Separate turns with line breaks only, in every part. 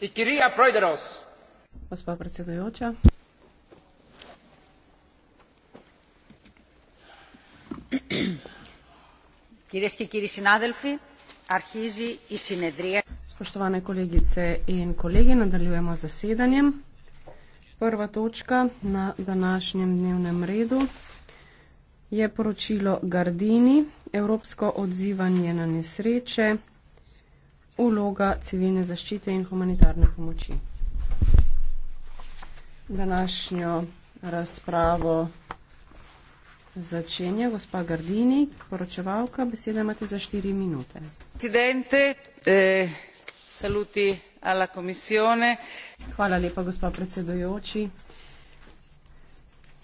Ikirija Projderos.
Gospa predsedujoča.
Kirijski kiriši nadelfi, arhiži in sinedrije.
Spoštovane kolegice in kolegi, nadaljujemo z zasedanjem. Prva točka na današnjem dnevnem redu je poročilo Gardini, Evropsko odzivanje na nesreče, vloga civilne zaščite in humanitarne pomoči. Današnjo razpravo začenja gospa Gardini, poročevalka, besede imate za štiri minute.
Presidente, eh, saluti alla komisione.
Hvala lepa, gospa predsedujoči.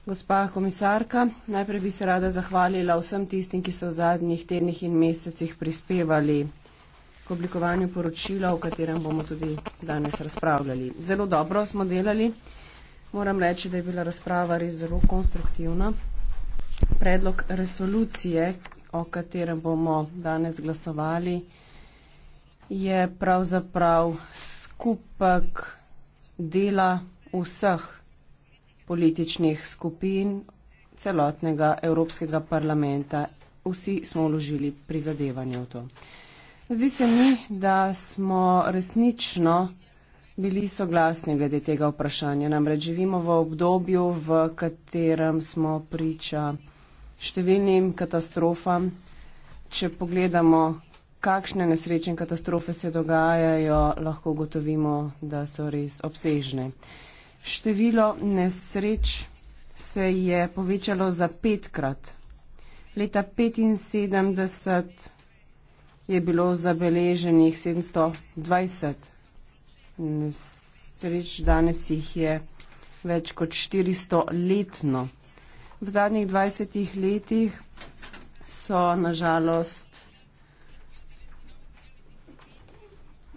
Gospa komisarka, najprej bi se rada zahvalila vsem tistim, ki so v zadnjih tednih in mesecih prispevali oblikovanju poročila, o katerem bomo tudi danes razpravljali. Zelo dobro smo delali. Moram reči, da je bila razprava res zelo konstruktivna. Predlog resolucije, o katerem bomo danes glasovali, je pravzaprav skupek dela vseh političnih skupin celotnega Evropskega parlamenta. Vsi smo vložili prizadevanje v to. Zdi se mi, da smo resnično bili soglasni glede tega vprašanja. Namreč živimo v obdobju, v katerem smo priča številnim katastrofam. Če pogledamo, kakšne nesrečne katastrofe se dogajajo, lahko gotovimo, da so res obsežne. Število nesreč se je povečalo za petkrat. Leta 1975 je bilo zabeleženih 720 nesreč, danes jih je več kot 400 letno. V zadnjih 20 letih so nažalost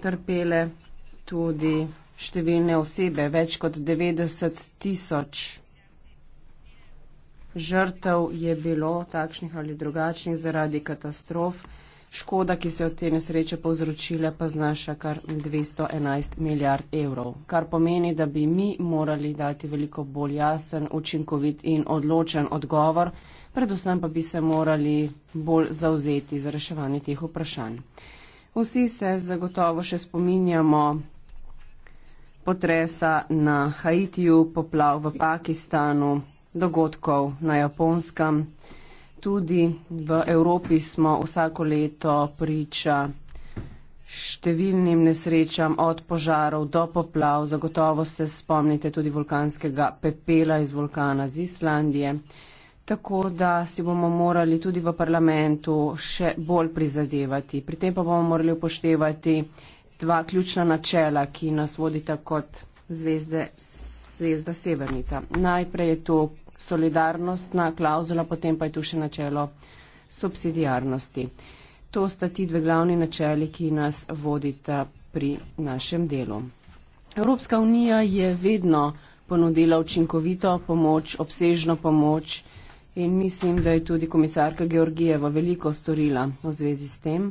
trpele tudi številne osebe, več kot 90 tisoč. Žrtev je bilo takšnih ali drugačnih zaradi katastrof. Škoda, ki so jo te nesreče povzročile, pa znaša kar 211 milijard evrov, kar pomeni, da bi mi morali dati veliko bolj jasen, učinkovit in odločen odgovor, predvsem pa bi se morali bolj zauzeti za reševanje teh vprašanj. Vsi se zagotovo še spominjamo potresa na Haitiju, poplav v Pakistanu, dogodkov na Japonskem tudi v Evropi smo vsako leto priča številnim nesrečam, od požarov do poplav. Zagotovo se spomnite tudi vulkanskega pepela iz vulkana z Islandije. Tako da si bomo morali tudi v parlamentu še bolj prizadevati. Pri tem pa bomo morali upoštevati dva ključna načela, ki nas vodita kot zvezde, zvezda Severnica. Najprej je to solidarnostna klauzula, potem pa je tu še načelo subsidijarnosti. To sta ti dve glavni načeli, ki nas vodita pri našem delu. Evropska unija je vedno ponudila učinkovito pomoč, obsežno pomoč in mislim, da je tudi komisarka Georgijeva veliko storila v zvezi s tem.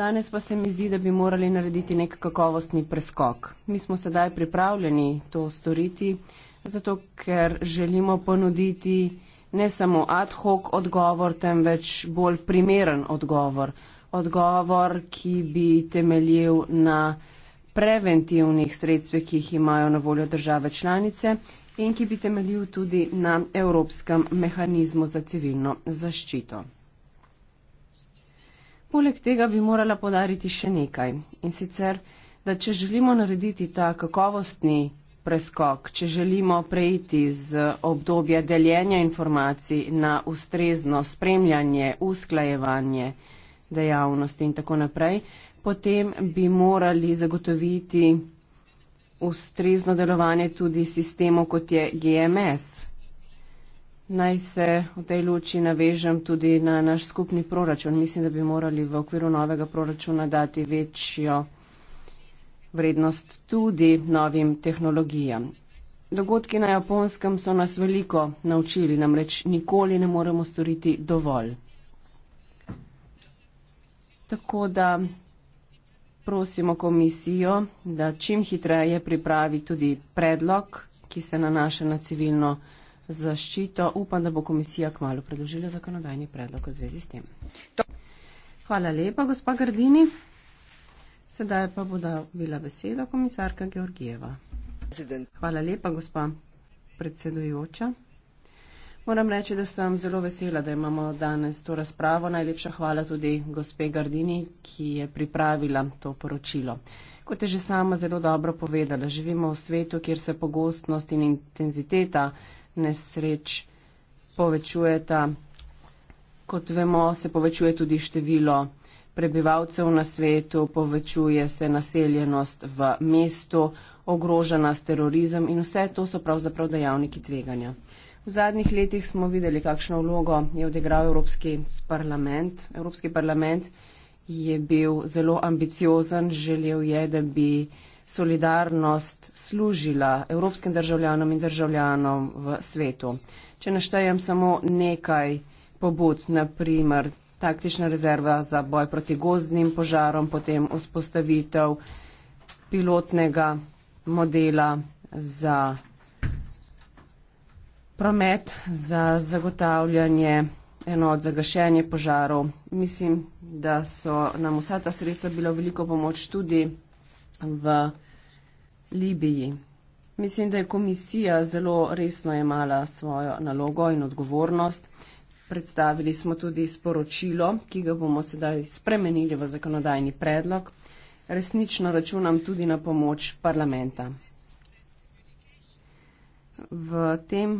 Danes pa se mi zdi, da bi morali narediti nek kakovostni preskok. Mi smo sedaj pripravljeni to storiti zato ker želimo ponuditi ne samo ad hoc odgovor, temveč bolj primeren odgovor. Odgovor, ki bi temeljil na preventivnih sredstvih, ki jih imajo na voljo države članice in ki bi temeljil tudi na evropskem mehanizmu za civilno zaščito. Poleg tega bi morala podariti še nekaj in sicer, da če želimo narediti ta kakovostni preskok, če želimo preiti z obdobja deljenja informacij na ustrezno spremljanje, usklajevanje dejavnosti in tako naprej, potem bi morali zagotoviti ustrezno delovanje tudi sistemu, kot je GMS. Naj se v tej luči navežem tudi na naš skupni proračun. Mislim, da bi morali v okviru novega proračuna dati večjo vrednost tudi novim tehnologijam. Dogodki na japonskem so nas veliko naučili, namreč nikoli ne moremo storiti dovolj. Tako da prosimo komisijo, da čim hitreje pripravi tudi predlog, ki se nanaša na civilno zaščito. Upam, da bo komisija kmalo predložila zakonodajni predlog v zvezi s tem. Hvala lepa, gospa Gardini. Sedaj pa bo dobila besedo komisarka Georgijeva. Hvala lepa, gospa predsedujoča. Moram reči, da sem zelo vesela, da imamo danes to razpravo. Najlepša hvala tudi gospe Gardini, ki je pripravila to poročilo. Kot je že sama zelo dobro povedala, živimo v svetu, kjer se pogostnost in intenziteta nesreč povečujeta. Kot vemo, se povečuje tudi število prebivalcev na svetu, povečuje se naseljenost v mestu, ogroža nas terorizem in vse to so pravzaprav dejavniki tveganja. V zadnjih letih smo videli, kakšno vlogo je odigral Evropski parlament. Evropski parlament je bil zelo ambiciozen, želel je, da bi solidarnost služila evropskim državljanom in državljanom v svetu. Če naštejem samo nekaj pobud, naprimer taktična rezerva za boj proti gozdnim požarom, potem vzpostavitev pilotnega modela za promet, za zagotavljanje enot za gašenje požarov. Mislim, da so nam vsa ta sredstva bila veliko pomoč tudi v Libiji. Mislim, da je komisija zelo resno jemala svojo nalogo in odgovornost. Predstavili smo tudi sporočilo, ki ga bomo sedaj spremenili v zakonodajni predlog. Resnično računam tudi na pomoč parlamenta. V tem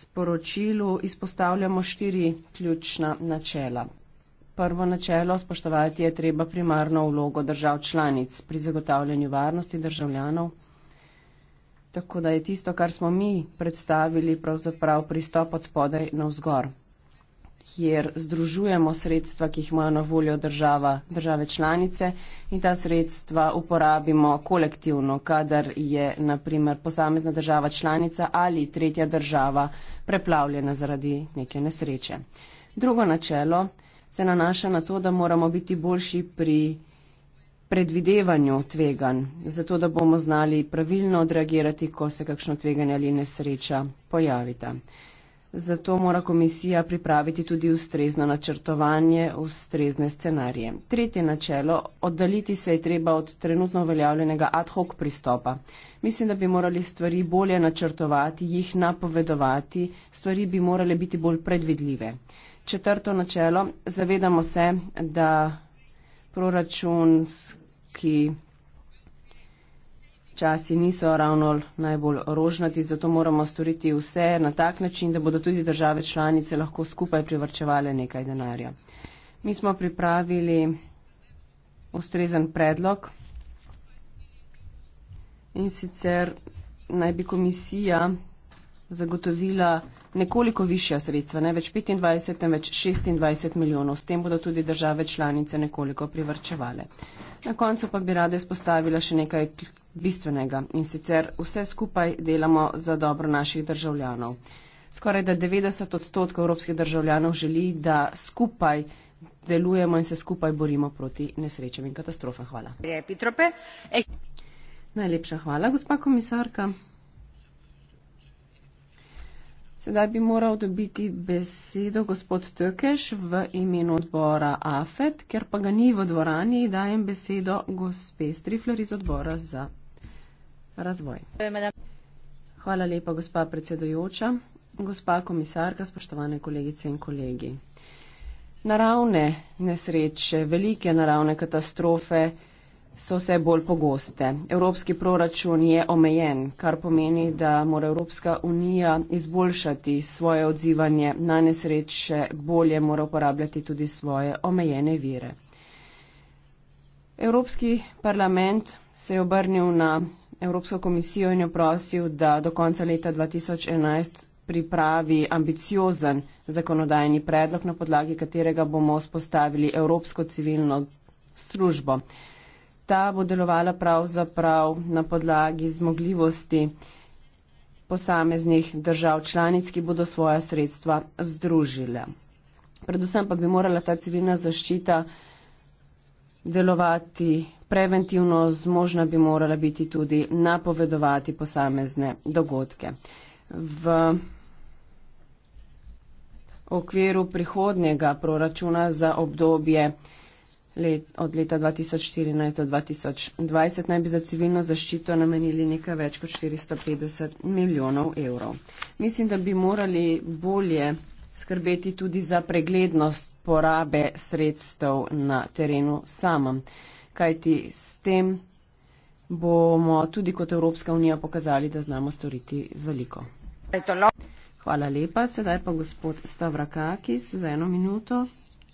sporočilu izpostavljamo štiri ključna načela. Prvo načelo spoštovati je treba primarno vlogo držav članic pri zagotavljanju varnosti državljanov Tako da je tisto, kar smo mi predstavili, pravzaprav pristop od spodaj na vzgor, kjer združujemo sredstva, ki jih imajo na voljo država, države članice in ta sredstva uporabimo kolektivno, kadar je naprimer posamezna država članica ali tretja država preplavljena zaradi neke nesreče. Drugo načelo se nanaša na to, da moramo biti boljši pri predvidevanju tveganj, zato da bomo znali pravilno odreagirati, ko se kakšno tveganje ali nesreča pojavita. Zato mora komisija pripraviti tudi ustrezno načrtovanje, ustrezne scenarije. Tretje načelo, oddaliti se je treba od trenutno uveljavljenega ad hoc pristopa. Mislim, da bi morali stvari bolje načrtovati, jih napovedovati, stvari bi morale biti bolj predvidljive. Četrto načelo, zavedamo se, da proračun, ki časi niso ravno najbolj rožnati, zato moramo storiti vse na tak način, da bodo tudi države članice lahko skupaj privrčevale nekaj denarja. Mi smo pripravili ustrezen predlog in sicer naj bi komisija zagotovila nekoliko višja sredstva, ne več 25, temveč 26 milijonov. S tem bodo tudi države članice nekoliko privrčevale. Na koncu pa bi rada izpostavila še nekaj bistvenega in sicer vse skupaj delamo za dobro naših državljanov. Skoraj da 90 odstotkov evropskih državljanov želi, da skupaj delujemo in se skupaj borimo proti nesrečem in katastrofe. Hvala. Najlepša hvala, gospa komisarka. Sedaj bi moral dobiti besedo gospod Tökeš v imenu odbora AFET, ker pa ga ni v dvorani, dajem besedo gospe Strifler iz odbora za razvoj. Hvala lepa, gospa predsedojoča, gospa komisarka, spoštovane kolegice in kolegi. Naravne nesreče, velike naravne katastrofe, so vse bolj pogoste. Evropski proračun je omejen, kar pomeni, da mora Evropska unija izboljšati svoje odzivanje na nesreče, bolje mora uporabljati tudi svoje omejene vire. Evropski parlament se je obrnil na Evropsko komisijo in jo prosil, da do konca leta 2011 pripravi ambiciozen zakonodajni predlog, na podlagi katerega bomo spostavili Evropsko civilno službo ta bo delovala pravzaprav na podlagi zmogljivosti posameznih držav članic, ki bodo svoja sredstva združile. Predvsem pa bi morala ta civilna zaščita delovati preventivno, zmožna bi morala biti tudi napovedovati posamezne dogodke. V okviru prihodnjega proračuna za obdobje 2021-2022 let, od leta 2014 do 2020 naj bi za civilno zaščito namenili nekaj več kot 450 milijonov evrov. Mislim, da bi morali bolje skrbeti tudi za preglednost porabe sredstev na terenu samem, kajti s tem bomo tudi kot Evropska unija pokazali, da znamo storiti veliko. Hvala lepa. Sedaj pa gospod Stavrakakis za eno minuto.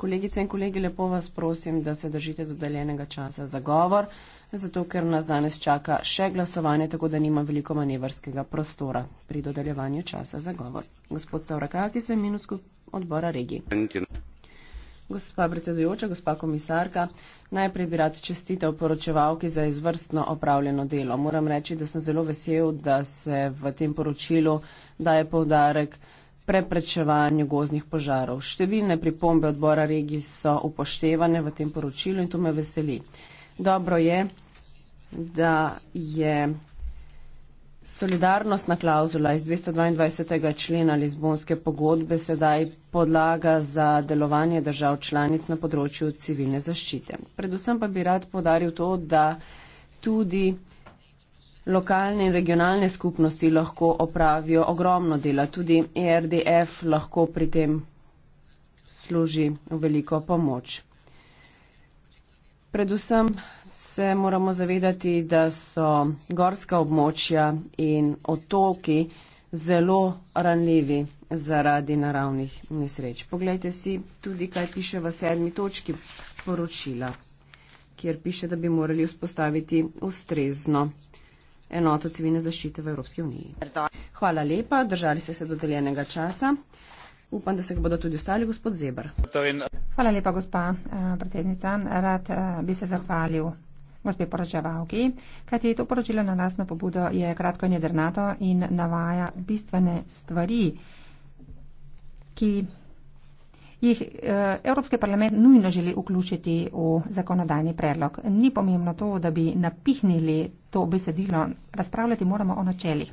Kolegice in kolegi, lepo vas prosim, da se držite dodeljenega časa za govor, zato ker nas danes čaka še glasovanje, tako da nima veliko manevrskega prostora pri dodeljevanju časa za govor. Gospod Stavrakakis, v imenu odbora
regije.
Gospa predsedujoča, gospa komisarka, najprej bi rad čestitev poročevalki za izvrstno opravljeno delo. Moram reči, da sem zelo vesel, da se v tem poročilu daje povdarek preprečevanju gozdnih požarov. Številne pripombe odbora regij so upoštevane v tem poročilu in to me veseli. Dobro je, da je solidarnostna klauzula iz 222. člena Lizbonske pogodbe sedaj podlaga za delovanje držav članic na področju civilne zaščite. Predvsem pa bi rad podaril to, da tudi Lokalne in regionalne skupnosti lahko opravijo ogromno dela, tudi ERDF lahko pri tem služi veliko pomoč. Predvsem se moramo zavedati, da so gorska območja in otoki zelo ranljivi zaradi naravnih nesreč. Poglejte si tudi, kaj piše v sedmi točki poročila, kjer piše, da bi morali vzpostaviti ustrezno enoto civilne zaščite v Evropski uniji. Hvala lepa, držali
ste se dodeljenega časa. Upam, da se bodo tudi ostali, gospod Zebr. Hvala lepa, gospa eh, predsednica. Rad eh, bi se zahvalil gospe poročevalki, kajti to poročilo na nas na pobudo je kratko in jedrnato in navaja bistvene stvari, ki jih eh, Evropski parlament nujno želi vključiti v zakonodajni predlog. Ni pomembno to, da bi napihnili to besedilo, razpravljati moramo o načelih.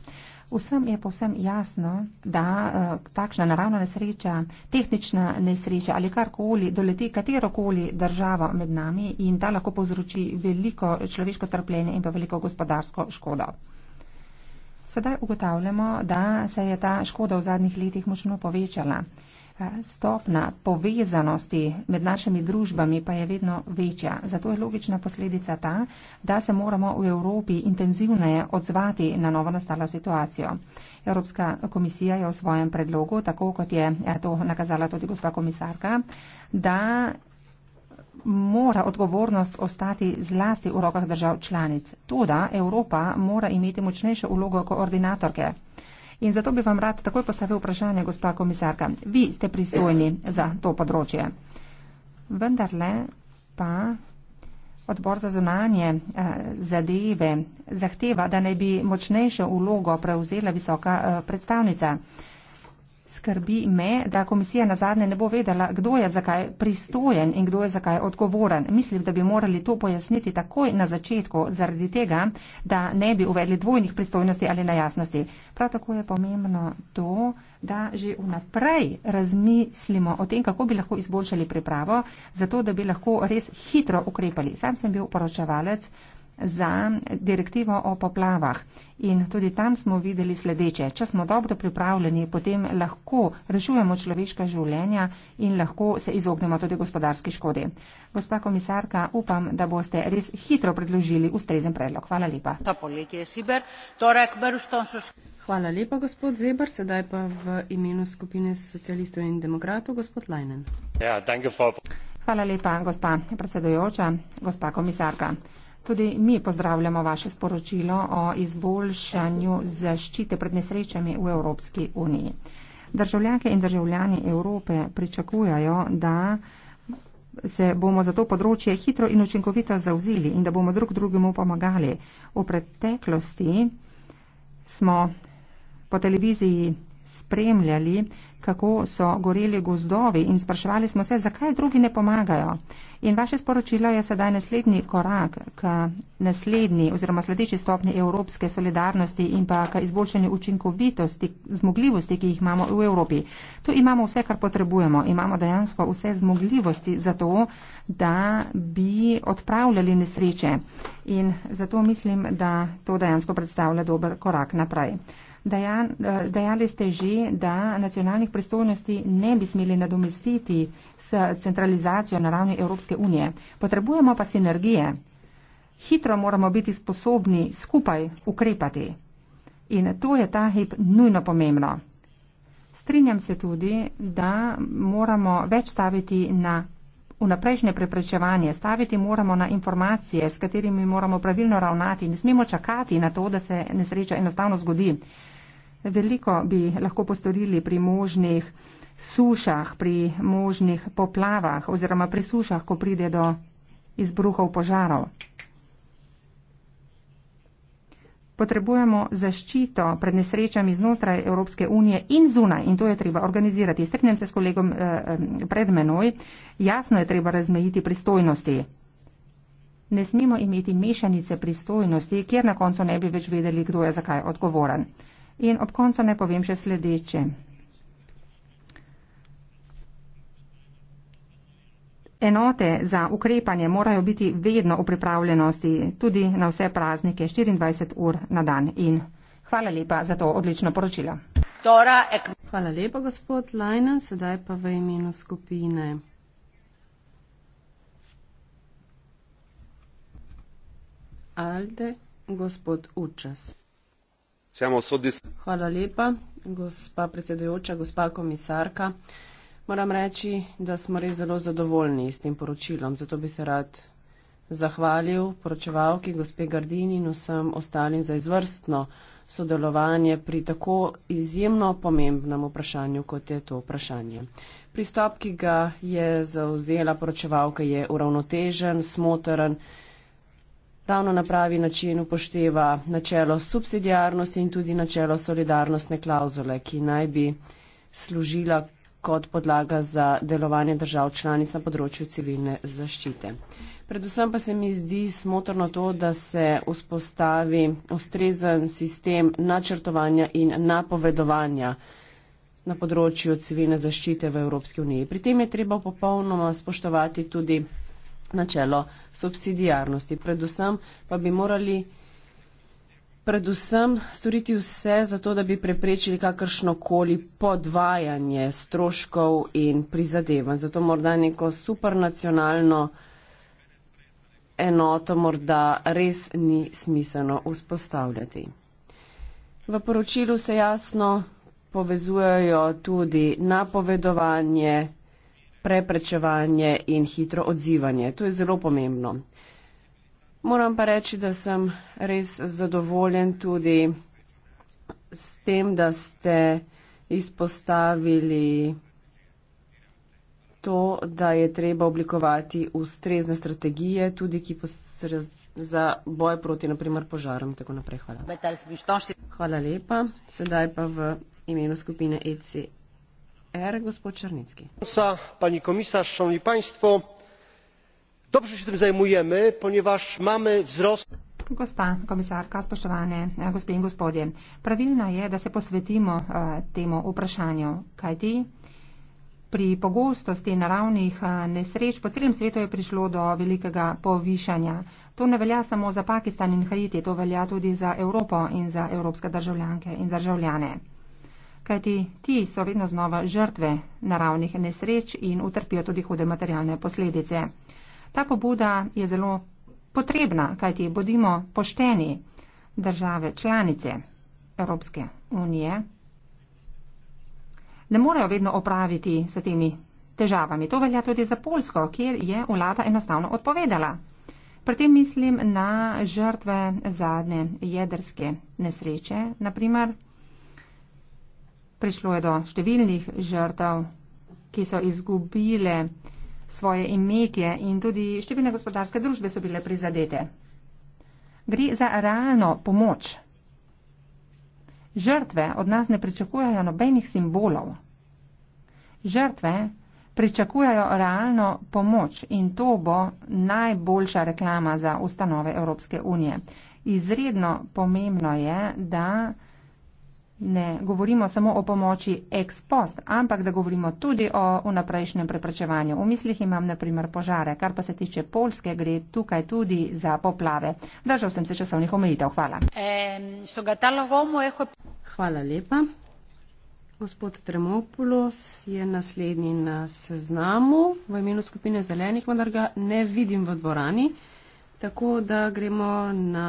Vsem je povsem jasno, da uh, takšna naravna nesreča, tehnična nesreča ali karkoli doleti katerokoli državo med nami in ta lahko povzroči veliko človeško trpljenje in pa veliko gospodarsko škodo. Sedaj ugotavljamo, da se je ta škoda v zadnjih letih močno povečala. Uh, Eh, stopna povezanosti med našimi družbami pa je vedno večja. Zato je logična posledica ta, da se moramo v Evropi intenzivneje odzvati na novo nastalo situacijo. Evropska komisija je v svojem predlogu, tako kot je eh, to nakazala tudi gospa komisarka, da mora odgovornost ostati zlasti v rokah držav članic. Toda Evropa mora imeti močnejšo ulogo koordinatorke. In zato bi vam rad takoj postavil vprašanje, gospa komisarka. Vi ste pristojni za to področje. Vendar le pa odbor za zunanje eh, zadeve zahteva, da naj bi močnejšo ulogo prevzela visoka eh, predstavnica. Skrbi me, da komisija na zadnje ne bo vedela, kdo je zakaj pristojen in kdo je zakaj odgovoren. Mislim, da bi morali to pojasniti takoj na začetku, zaradi tega, da ne bi uvedli dvojnih pristojnosti ali najasnosti. Prav tako je pomembno to, da že vnaprej razmislimo o tem, kako bi lahko izboljšali pripravo, zato da bi lahko res hitro ukrepali. Sam sem bil poročevalec za direktivo o poplavah. In tudi tam smo videli sledeče. Če smo dobro pripravljeni, potem lahko rešujemo človeška življenja in lahko se izognemo tudi gospodarski škodi. Gospa komisarka, upam, da boste res hitro predložili ustrezen predlog. Hvala lepa. Hvala lepa, gospod Zebr. Sedaj pa v imenu skupine socialistov in demokratov, gospod Lajnen. Ja, Hvala lepa, gospa predsedojoča, gospa komisarka. Tudi mi pozdravljamo vaše sporočilo o izboljšanju zaščite pred nesrečami v Evropski uniji. Državljanke in državljani Evrope pričakujajo, da se bomo za to področje hitro in učinkovito zauzili in da bomo drug drugemu pomagali. V preteklosti smo po televiziji spremljali kako so goreli gozdovi in spraševali smo se, zakaj drugi ne pomagajo. In vaše sporočilo je sedaj naslednji korak k naslednji oziroma sledeči stopni evropske solidarnosti in pa k izboljšanju učinkovitosti, zmogljivosti, ki jih imamo v Evropi. Tu imamo vse, kar potrebujemo. Imamo dejansko vse zmogljivosti za to, da bi odpravljali nesreče. In zato mislim, da to dejansko predstavlja dober korak naprej. Eh, dejali ste že, da nacionalnih pristojnosti ne bi smeli nadomestiti s centralizacijo na ravni Evropske unije. Potrebujemo pa sinergije. Hitro moramo biti sposobni skupaj ukrepati. In to je ta hip nujno pomembno. Strinjam se tudi, da moramo več staviti na vnaprejšnje preprečevanje, staviti moramo na informacije, s katerimi moramo pravilno ravnati. Ne smemo čakati na to, da se nesreča enostavno zgodi. Veliko bi lahko postorili pri možnih sušah, pri možnih poplavah oziroma pri sušah, ko pride do izbruhov požarov. Potrebujemo zaščito pred nesrečami znotraj Evropske unije in zunaj in to je treba organizirati. Strinjam se s kolegom eh, eh pred menoj, jasno je treba razmejiti pristojnosti. Ne smemo imeti mešanice pristojnosti, kjer na koncu ne bi več vedeli, kdo je zakaj odgovoren. In ob koncu naj povem še sledeče. Enote za ukrepanje morajo biti vedno v pripravljenosti, tudi na vse praznike, 24 ur na dan. In hvala lepa za to odlično poročilo.
Hvala lepa, gospod Lajna. Sedaj pa v imenu skupine. Alde, gospod Učas. Siamo soddisf- Hvala lepa, gospa predsedujoča, gospa komisarka. Moram reči, da smo res zelo zadovoljni s tem poročilom, zato bi se rad zahvalil poročevalki gospe Gardini in vsem ostalim za izvrstno sodelovanje pri tako izjemno pomembnem vprašanju, kot je to vprašanje. Pristop, ki ga je zauzela poročevalka, je uravnotežen, smotren ravno na pravi način upošteva načelo subsidiarnosti in tudi načelo solidarnostne klauzule, ki naj bi služila kot podlaga za delovanje držav članic na področju civilne zaščite. Predvsem pa se mi zdi smotrno to, da se vzpostavi ustrezen sistem načrtovanja in napovedovanja na področju civilne zaščite v Evropski uniji. Pri tem je treba popolnoma spoštovati tudi načelo subsidijarnosti. Predvsem pa bi morali predvsem storiti vse za to, da bi preprečili kakršnokoli podvajanje stroškov in prizadevanj. Zato morda neko supernacionalno enoto morda res ni smiselno vzpostavljati. V poročilu se jasno povezujejo tudi napovedovanje preprečevanje in hitro odzivanje. To je zelo pomembno. Moram pa reči, da sem res zadovoljen tudi s tem, da ste izpostavili to, da je treba oblikovati ustrezne strategije, tudi ki za boj proti, naprimer, požarom in tako naprej. Hvala. Hvala lepa. Sedaj pa v imenu skupine ECE pani komisarz! szanowni państwo! dobrze się tym zajmujemy ponieważ mamy wzrost.
gospa komisarka spoštovane eh, gospe in gospodje pravilno je da se posvetimo eh, temu vprašanju kajti pri pogostosti naravnih eh, nesreč po celem svetu je prišlo do velikega povišanja to ne velja samo za pakistan in haiti to velja tudi za evropo in za evropske državljanke in državljane kajti ti so vedno znova žrtve naravnih nesreč in utrpijo tudi hude materialne posledice. Ta pobuda je zelo potrebna, kajti bodimo pošteni države članice Evropske unije. Ne morejo vedno opraviti s temi težavami. To velja tudi za Polsko, kjer je vlada enostavno odpovedala. Pri tem mislim na žrtve zadnje jedrske nesreče, naprimer prišlo je do številnih žrtev, ki so izgubile svoje imetje in tudi številne gospodarske družbe so bile prizadete. Gre za realno pomoč. Žrtve od nas ne pričakujejo nobenih simbolov. Žrtve pričakujejo realno pomoč in to bo najboljša reklama za ustanove Evropske unije. Izredno pomembno je, da ne govorimo samo o pomoči ex post, ampak da govorimo tudi o vnaprejšnjem preprečevanju. V mislih imam naprimer požare, kar pa se tiče Polske, gre tukaj tudi za poplave. Držal sem se časovnih omejitev. Hvala. Hvala lepa.
Gospod Tremopulos je naslednji na seznamu v imenu skupine zelenih, vendar ga ne vidim v dvorani. Tako da gremo na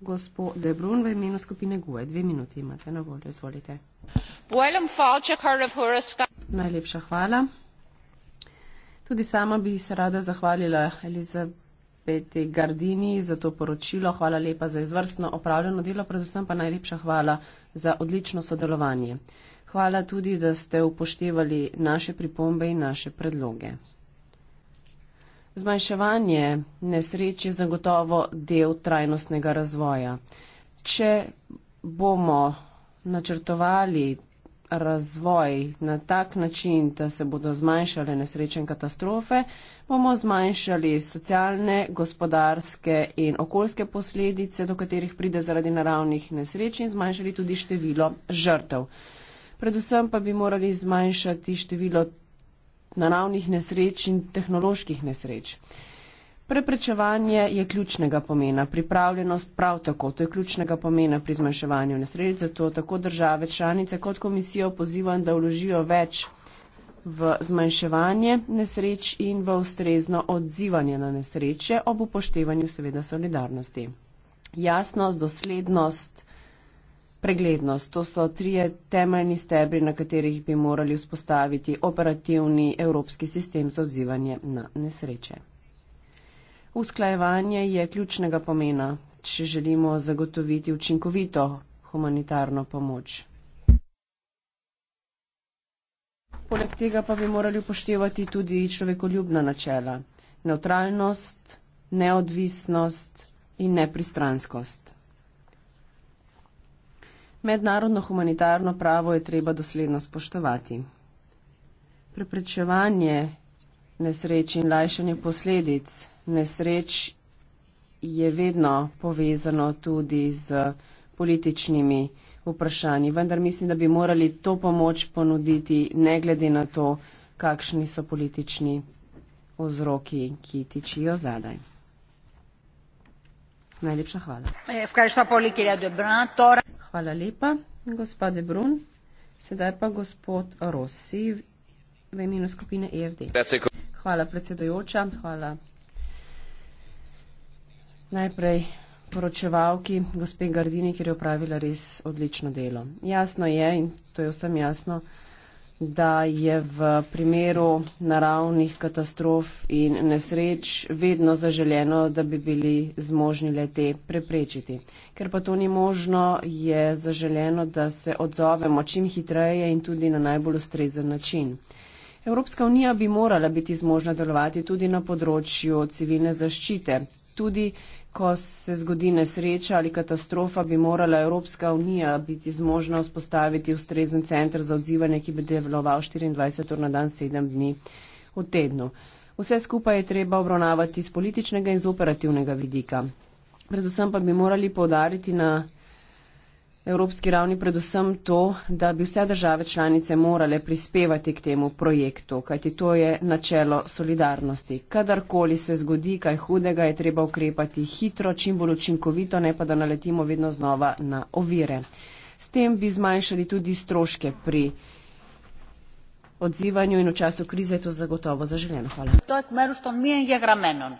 Gospod De Brun, v imenu skupine GUE, dve minuti imate na voljo, izvolite. Najlepša hvala. Tudi sama bi se rada zahvalila Elizabeti Gardini za to poročilo. Hvala lepa za izvrstno opravljeno delo, predvsem pa najlepša hvala za odlično sodelovanje. Hvala tudi, da ste upoštevali naše pripombe in naše predloge. Zmanjševanje nesreč je zagotovo del trajnostnega razvoja. Če bomo načrtovali razvoj na tak način, da se bodo zmanjšale nesrečen katastrofe, bomo zmanjšali socialne, gospodarske in okoljske posledice, do katerih pride zaradi naravnih nesreč in zmanjšali tudi število žrtev. Predvsem pa bi morali zmanjšati število naravnih nesreč in tehnoloških nesreč. Preprečevanje je ključnega pomena, pripravljenost prav tako, to je ključnega pomena pri zmanjševanju nesreč, zato tako države članice kot komisijo pozivam, da vložijo več v zmanjševanje nesreč in v ustrezno odzivanje na nesreče ob upoštevanju seveda solidarnosti. Jasnost, doslednost, Preglednost. To so trije temeljni stebri, na katerih bi morali vzpostaviti operativni evropski sistem za odzivanje na nesreče. Usklajevanje je ključnega pomena, če želimo zagotoviti učinkovito humanitarno pomoč. Poleg tega pa bi morali upoštevati tudi človekoljubna načela. Neutralnost, neodvisnost in nepristranskost. Mednarodno humanitarno pravo je treba dosledno spoštovati. Preprečevanje nesreč in lajšanje posledic nesreč je vedno povezano tudi z političnimi vprašanji, vendar mislim, da bi morali to pomoč ponuditi ne glede na to, kakšni so politični vzroki, ki tičijo zadaj. Najlepša hvala. Hvala lepa, gospa Debrun. Sedaj pa gospod Rossi v imenu skupine EFD. Hvala, predsedojoča. Hvala najprej poročevalki, gospe Gardini, ker je opravila res odlično delo. Jasno je, in to je vsem jasno, da je v primeru naravnih katastrof in nesreč vedno zaželjeno, da bi bili zmožni le te preprečiti. Ker pa to ni možno, je zaželjeno, da se odzovemo čim hitreje in tudi na najbolj ustrezen način. Evropska unija bi morala biti zmožna delovati tudi na področju civilne zaščite, tudi ko se zgodi nesreča ali katastrofa, bi morala Evropska unija biti zmožna vzpostaviti ustrezen center za odzivanje, ki bi deloval 24 ur na dan, 7 dni v tednu. Vse skupaj je treba obravnavati z političnega in z operativnega vidika. Predvsem pa bi morali povdariti na evropski ravni predvsem to, da bi vse države članice morale prispevati k temu projektu, kajti to je načelo solidarnosti. Kadarkoli se zgodi kaj hudega, je treba ukrepati hitro, čim bolj učinkovito, ne pa da naletimo vedno znova na ovire. S tem bi zmanjšali tudi stroške pri odzivanju in v času krize je to zagotovo zaželeno. Hvala. To
torej, je kmeru, što mi je gramenon.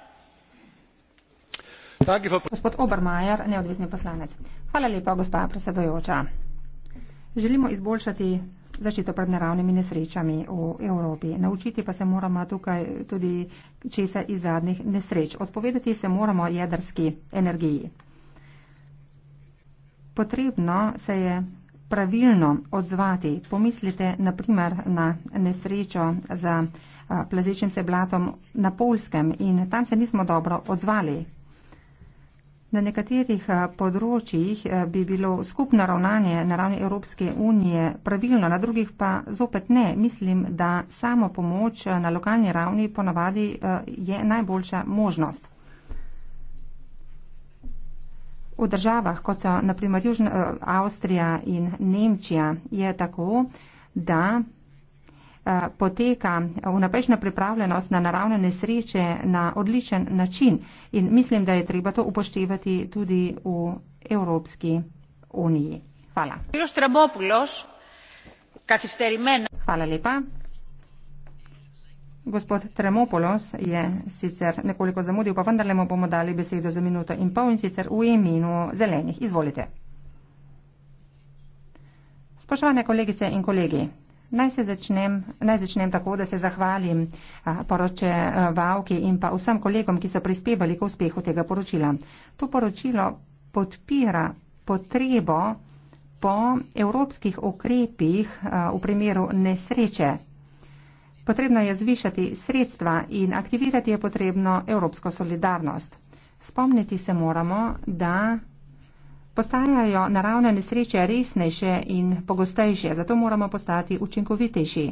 Gospod Obermajer, neodvisni poslanec. Hvala lepa, gospa predsedojoča. Želimo izboljšati zaščito pred naravnimi nesrečami v Evropi. Naučiti pa se moramo tukaj tudi česa iz zadnjih nesreč. Odpovedati se moramo jedrski energiji. Potrebno se je pravilno odzvati. Pomislite naprimer na nesrečo za plazečim se blatom na Polskem in tam se nismo dobro odzvali. Na nekaterih eh, področjih eh, bi bilo skupno ravnanje na ravni Evropske unije pravilno, na drugih pa zopet ne. Mislim, da samo pomoč eh, na lokalni ravni ponavadi je najboljša možnost. V državah, kot so naprimer Južna Avstrija in Nemčija, je tako, da Eh, poteka vnaprejšnja pripravljenost na naravne nesreče na odličen način in mislim, da je treba to upoštevati tudi v Evropski uniji. Hvala. Hvala lepa. Gospod Tremopolos je sicer nekoliko zamudil, pa vendarle mu bomo dali besedo za minuto in pol in sicer v imenu zelenih. Izvolite. Spoštovane kolegice in kolegi, Naj, začnem, naj začnem tako, da se zahvalim poročevalki in pa vsem kolegom, ki so prispevali k uspehu tega poročila. To poročilo podpira potrebo po evropskih ukrepih v primeru nesreče. Potrebno je zvišati sredstva in aktivirati je potrebno evropsko solidarnost. Spomniti se moramo, da postajajo naravne nesreče resnejše in pogostejše, zato moramo postati učinkovitejši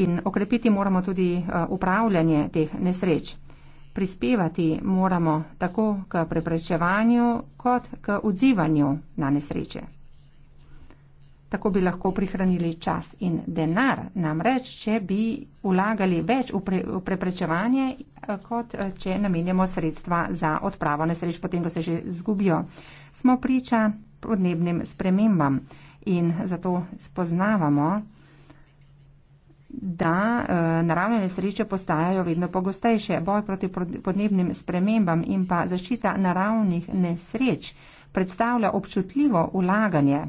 in okrepiti moramo tudi eh, upravljanje teh nesreč. Prispevati moramo tako k preprečevanju kot k odzivanju na nesreče. Tako bi lahko prihranili čas in denar, namreč, če bi vlagali več v, pre, v preprečevanje, eh, kot eh, če namenjamo sredstva za odpravo nesreč, potem ko se že zgubijo smo priča podnebnim spremembam in zato spoznavamo, da eh, naravne nesreče postajajo vedno pogostejše. Boj proti podnebnim spremembam in pa zaščita naravnih nesreč predstavlja občutljivo ulaganje.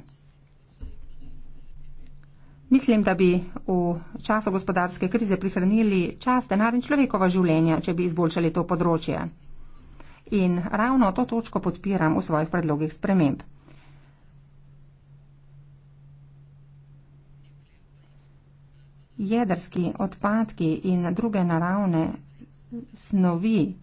Mislim, da bi v času gospodarske krize prihranili čas, denar in človekova življenja, če bi izboljšali to področje in ravno to točko podpiram v svojih predlogih sprememb. Jedrski odpadki in druge naravne snovi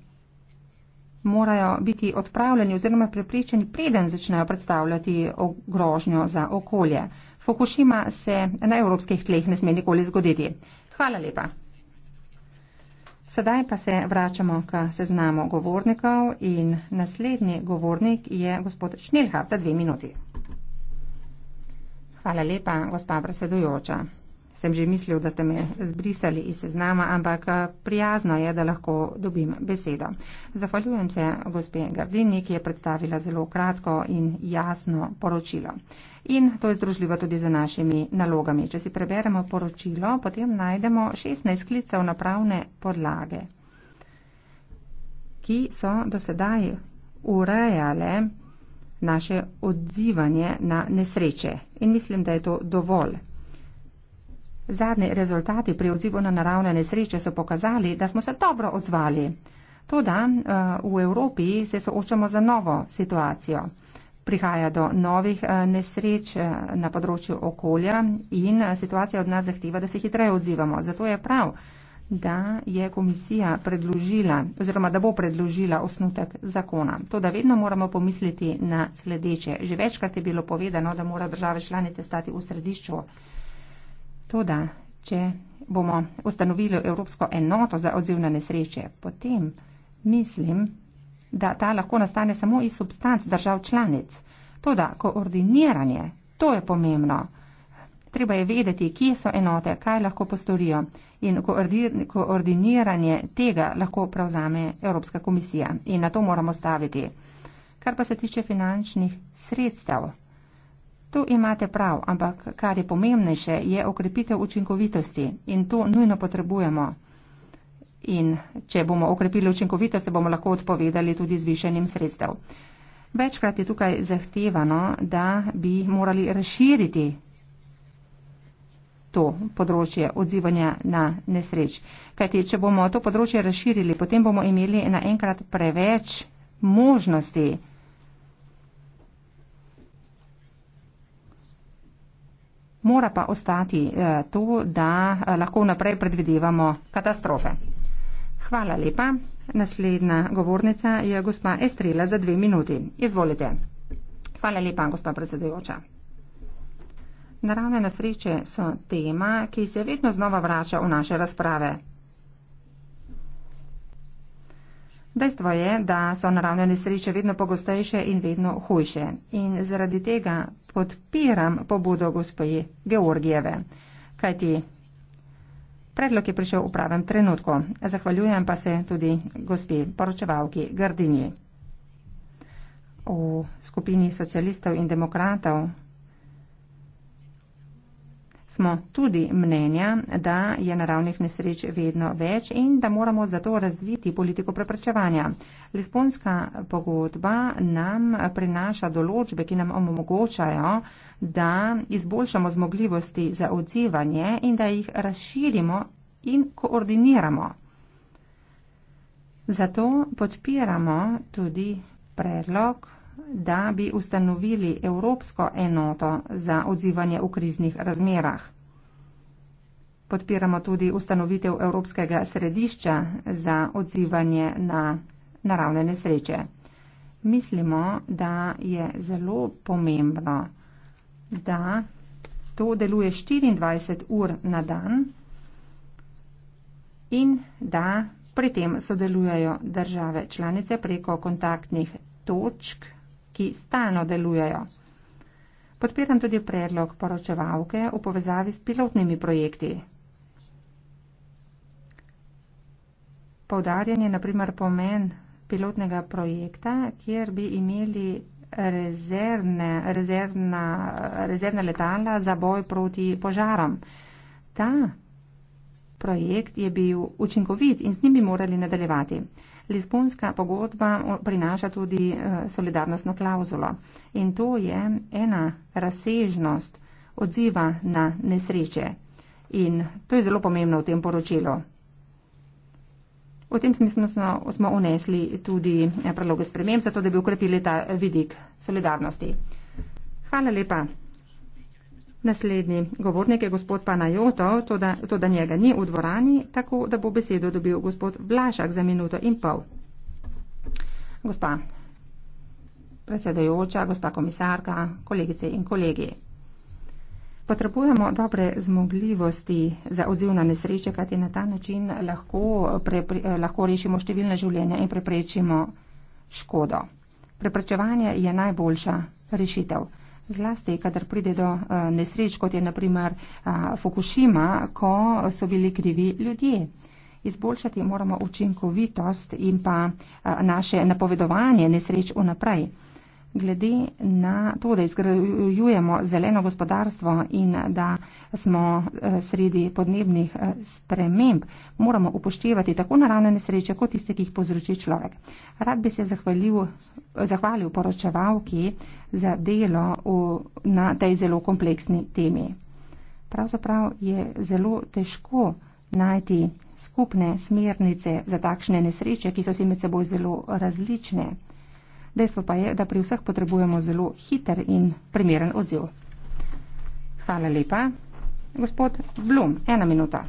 morajo biti odpravljeni oziroma prepričani, preden začnejo predstavljati grožnjo za okolje. Fukushima se na evropskih tleh ne sme nikoli zgoditi. Hvala lepa. Sedaj pa se vračamo k seznamu govornikov in naslednji govornik je gospod Šnilhar za dve minuti. Hvala lepa, gospa predsedujoča sem že mislil, da ste me zbrisali iz seznama, ampak prijazno je, da lahko dobim besedo. Zahvaljujem se gospe Gardini, ki je predstavila zelo kratko in jasno poročilo. In to je združljivo tudi za našimi nalogami. Če si preberemo poročilo, potem najdemo 16 klicev na pravne podlage, ki so dosedaj urejale naše odzivanje na nesreče. In mislim, da je to dovolj. Zadnji rezultati pri odzivu na naravne nesreče so pokazali, da smo se dobro odzvali. Toda eh, v Evropi se soočamo za novo situacijo. Prihaja do novih eh, nesreč eh, na področju okolja in situacija od nas zahteva, da se hitreje odzivamo. Zato je prav, da je komisija predložila oziroma da bo predložila osnutek zakona. To, da vedno moramo pomisliti na sledeče. Že večkrat je bilo povedano, da mora države članice stati v središču Toda, če bomo ustanovili Evropsko enoto za odziv na nesreče, potem mislim, da ta lahko nastane samo iz substanc držav članic. Toda, koordiniranje, to je pomembno. Treba je vedeti, kje so enote, kaj lahko postorijo in koordiniranje tega lahko prevzame Evropska komisija. In na to moramo staviti. Kar pa se tiče finančnih sredstev, Tu imate prav, ampak kar je pomembnejše, je okrepitev učinkovitosti in to nujno potrebujemo. In če bomo okrepili učinkovitost, se bomo lahko odpovedali tudi zvišenjem sredstev. Večkrat je tukaj zahtevano, da bi morali razširiti to področje odzivanja na nesreč. Kajti, če bomo to področje razširili, potem bomo imeli naenkrat preveč možnosti mora pa ostati eh, to, da eh, lahko naprej predvidevamo katastrofe. Hvala lepa. Naslednja govornica je gospa Estrela za dve minuti. Izvolite. Hvala lepa, gospa predsedujoča. Naravne nasreče so tema, ki se vedno znova vrača v naše razprave. Dejstvo je, da so naravne nesreče vedno pogostejše in vedno hujše. In zaradi tega podpiram pobudo gospoji Georgijeve. Kajti predlog je prišel v pravem trenutku. Zahvaljujem pa se tudi gospi poročevalki Gardini. V skupini socialistov in demokratov smo tudi mnenja, da je naravnih nesreč vedno več in da moramo zato razviti politiko preprečevanja. Lisbonska pogodba nam prinaša določbe, ki nam omogočajo, da izboljšamo zmogljivosti za odzivanje in da jih razširimo in koordiniramo. Zato podpiramo tudi predlog da bi ustanovili Evropsko enoto za odzivanje v kriznih razmerah. Podpiramo tudi ustanovitev Evropskega središča za odzivanje na naravne nesreče. Mislimo, da je zelo pomembno, da to deluje 24 ur na dan in da pri tem sodelujejo države članice preko kontaktnih točk ki stalno delujejo. Podpiram tudi predlog poročevalke v povezavi s pilotnimi projekti. Poudarjen je naprimer pomen pilotnega projekta, kjer bi imeli rezervne, rezervna, rezervne letala za boj proti požarom. Ta projekt je bil učinkovit in z njim bi morali nadaljevati. Lizbonska pogodba prinaša tudi eh, solidarnostno klauzulo in to je ena razsežnost odziva na nesreče. In to je zelo pomembno v tem poročilu. V tem smislu smo, smo unesli tudi eh, predloge sprememb, zato da bi ukrepili ta vidik solidarnosti. Hvala lepa. Naslednji govornik je gospod Panajoto, toda, toda njega ni v dvorani, tako da bo besedo dobil gospod Vlašak za minuto in pol. Gospa predsedajoča, gospa komisarka, kolegice in kolegi. Potrebujemo dobre zmogljivosti za odziv na nesreče, kajti na ta način lahko, prepre, lahko rešimo številne življenja in preprečimo škodo. Preprečevanje je najboljša rešitev zlasti, kadar pride do eh, nesreč, kot je naprimer eh, Fukushima, ko so bili krivi ljudje. Izboljšati moramo učinkovitost in pa eh, naše napovedovanje nesreč vnaprej glede na to, da izgrajujemo zeleno gospodarstvo in da smo eh, sredi podnebnih eh, sprememb, moramo upoštevati tako naravne nesreče, kot tiste, ki jih povzroči človek. Rad bi se zahvalil, zahvalil poročevalki za delo v, na tej zelo kompleksni temi. Pravzaprav je zelo težko najti skupne smernice za takšne nesreče, ki so si med seboj zelo različne. Dejstvo pa je, da pri vseh potrebujemo zelo hiter in primeren odziv. Hvala lepa. Gospod Blum, ena minuta.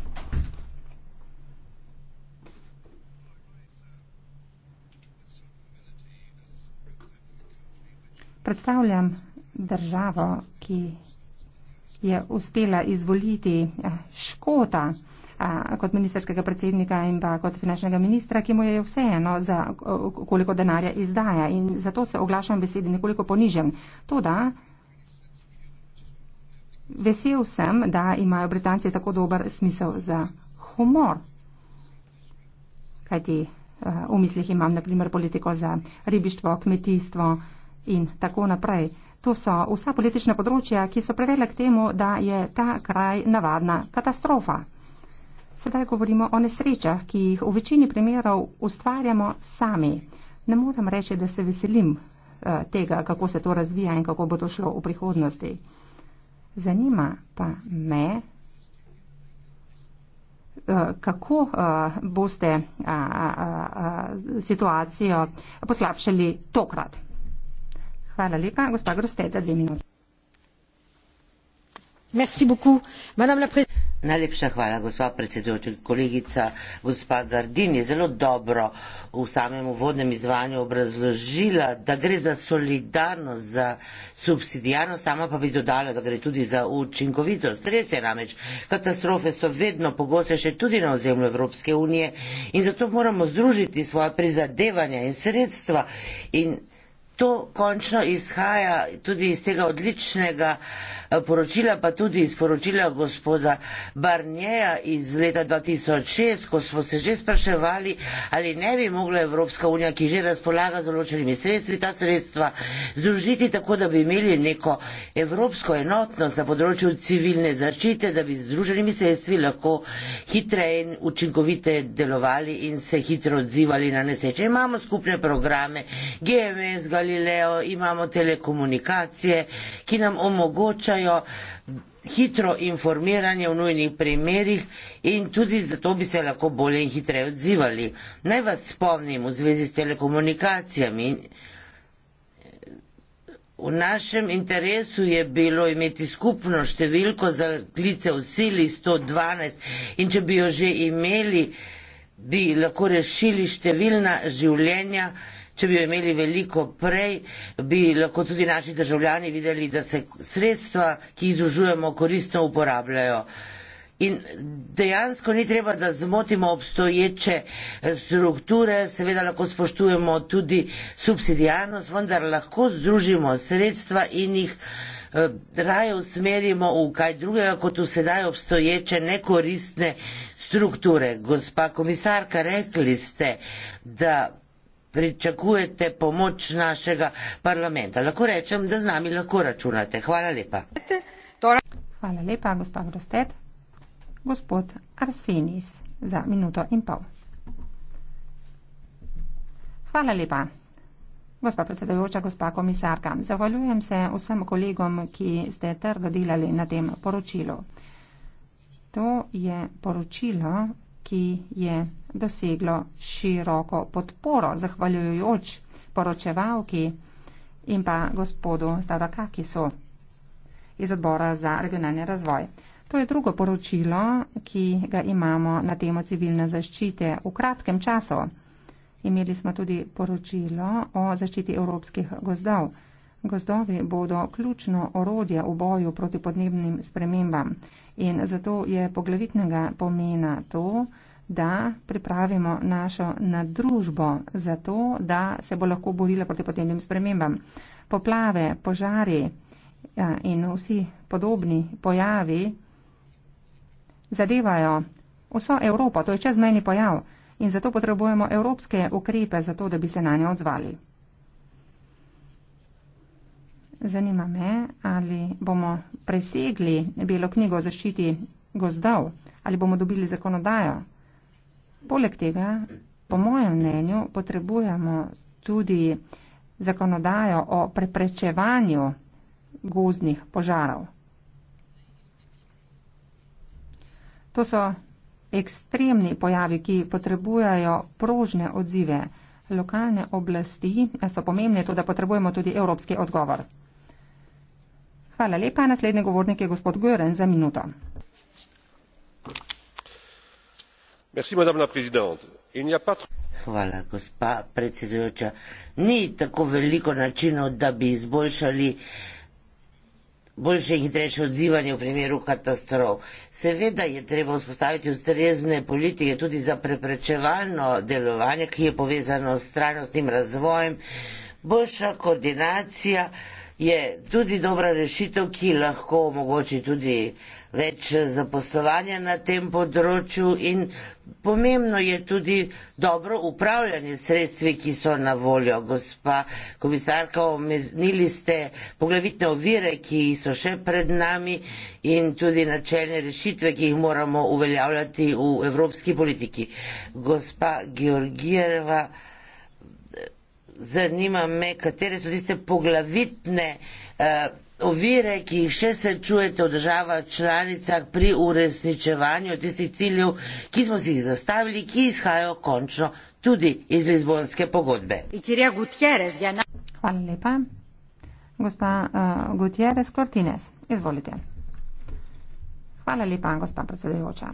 Predstavljam državo, ki je uspela izvoliti eh, škota a, kot ministerskega predsednika in pa kot finančnega ministra, ki mu je vseeno, za koliko denarja izdaja in zato se oglašam besedi nekoliko ponižen. Toda, vesel sem, da imajo Britanci tako dober smisel za humor. Kajti v mislih imam na primer politiko za ribištvo, kmetijstvo in tako naprej. To so vsa politična področja, ki so privedla k temu, da je ta kraj navadna katastrofa. Sedaj govorimo o nesrečah, ki jih v večini primerov ustvarjamo sami. Ne moram reči, da se veselim eh, tega, kako se to razvija in kako bo to šlo v prihodnosti. Zanima pa me, eh, kako eh, boste situacijo poslabšali tokrat. Hvala lepa, gospod Grostet, za dve minuti.
Merci beaucoup, madame la prezidentka. Najlepša hvala, gospod predsedujoči. Kolegica gospa Gardin je zelo dobro v samem uvodnem izvanju obrazložila, da gre za solidarnost, za subsidijarnost, sama pa bi dodala, da gre tudi za učinkovitost. Res je namreč, katastrofe so vedno pogoste še tudi na ozemlju Evropske unije in zato moramo združiti svoje prizadevanja in sredstva in to končno izhaja tudi iz tega odličnega eh, poročila, pa tudi iz poročila gospoda Barnjeja iz leta 2006, ko smo se že spraševali, ali ne bi mogla Evropska unija, ki že razpolaga z določenimi sredstvi, ta sredstva združiti tako, da bi imeli neko evropsko enotnost na področju civilne zaščite, da bi z združenimi sredstvi lahko hitreje in učinkovite delovali in se hitro odzivali na neseče. Imamo skupne programe, GMS, Galileo, imamo telekomunikacije, ki nam omogočajo hitro informiranje v nujnih primerih in tudi zato bi se lahko bolje in hitreje odzivali. Naj vas spomnim v zvezi s telekomunikacijami. V našem interesu je bilo imeti skupno številko za klice v sili 112 in če bi jo že imeli, bi lahko rešili številna življenja Če bi jo imeli veliko prej, bi lahko tudi naši državljani videli, da se sredstva, ki jih zužujemo, koristno uporabljajo. In dejansko ni treba, da zmotimo obstoječe eh, strukture, seveda lahko spoštujemo tudi subsidijarnost, vendar lahko združimo sredstva in jih eh, raje usmerimo v kaj drugega, kot v sedaj obstoječe nekoristne strukture. Gospa komisarka, rekli ste, da pričakujete pomoč našega parlamenta. Lahko rečem, da z nami lahko računate. Hvala lepa.
Hvala lepa, gospa Grostet. Gospod Arsenis za minuto in pol. Hvala lepa. Gospa predsedujoča, gospa komisarka, zahvaljujem se vsem kolegom, ki ste trdo delali na tem poročilu. To je poročilo ki je doseglo široko podporo, zahvaljujoč poročevalki in pa gospodu Stavakakisu iz odbora za regionalni razvoj. To je drugo poročilo, ki ga imamo na temo civilne zaščite v kratkem času. Imeli smo tudi poročilo o zaščiti evropskih gozdov. Gozdovi bodo ključno orodje v boju proti podnebnim spremembam in zato je poglavitnega pomena to, da pripravimo našo nadružbo za to, da se bo lahko borila proti podnebnim spremembam. Poplave, požari ja, in vsi podobni pojavi zadevajo vso Evropo, to je čezmejni pojav in zato potrebujemo evropske ukrepe za to, da bi se na nje odzvali. Zanima me, ali bomo presegli Belo knjigo o zaščiti gozdov, ali bomo dobili zakonodajo. Poleg tega, po mojem mnenju, potrebujemo tudi zakonodajo o preprečevanju gozdnih požarov. To so ekstremni pojavi, ki potrebujejo prožne odzive. Lokalne oblasti so pomembne, tudi da potrebujemo tudi evropski odgovor. Hvala lepa. Naslednji govornik je gospod Gören za minuto.
Hvala, gospa predsedujoča. Ni tako veliko načinov, da bi izboljšali boljše in hitrejše odzivanje v primeru katastrof. Seveda je treba vzpostaviti ustrezne politike tudi za preprečevalno delovanje, ki je povezano s trajnostnim razvojem, boljša koordinacija, je tudi dobra rešitev, ki lahko omogoči tudi več zaposlovanja na tem področju in pomembno je tudi dobro upravljanje sredstvi, ki so na voljo. Gospa komisarka, omenili ste poglavitne ovire, ki so še pred nami in tudi načelne rešitve, ki jih moramo uveljavljati v evropski politiki. Gospa Georgijeva, zanima me, katere so tiste poglavitne uh, ovire, ki jih še srečujete v državah članicah pri uresničevanju tistih ciljev, ki smo si jih zastavili, ki izhajajo končno tudi iz Lizbonske pogodbe.
Ja Hvala lepa. Gospa uh, Gutierrez Cortines, izvolite. Hvala lepa, gospa predsedujoča.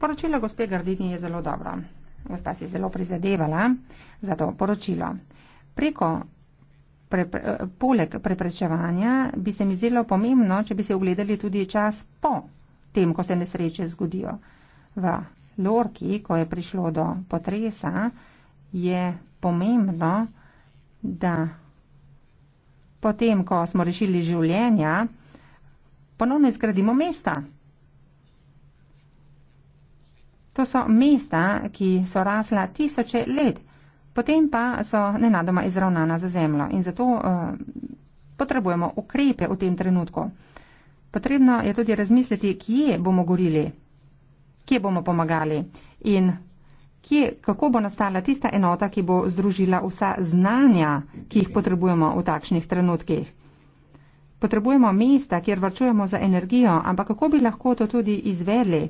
Poročilo gospe Gardini je zelo dobro gospa si zelo prizadevala za to poročilo. Preko prepre, poleg preprečevanja bi se mi zdelo pomembno, če bi se ogledali tudi čas po tem, ko se nesreče zgodijo. V Lorki, ko je prišlo do potresa, je pomembno, da potem, ko smo rešili življenja, ponovno izgradimo mesta. To so mesta, ki so rasla tisoče let, potem pa so nenadoma izravnana za zemljo in zato uh, potrebujemo ukrepe v tem trenutku. Potrebno je tudi razmisliti, kje bomo gorili, kje bomo pomagali in kje, kako bo nastala tista enota, ki bo združila vsa znanja, ki jih potrebujemo v takšnih trenutkih. Potrebujemo mesta, kjer vrčujemo za energijo, ampak kako bi lahko to tudi izvedli?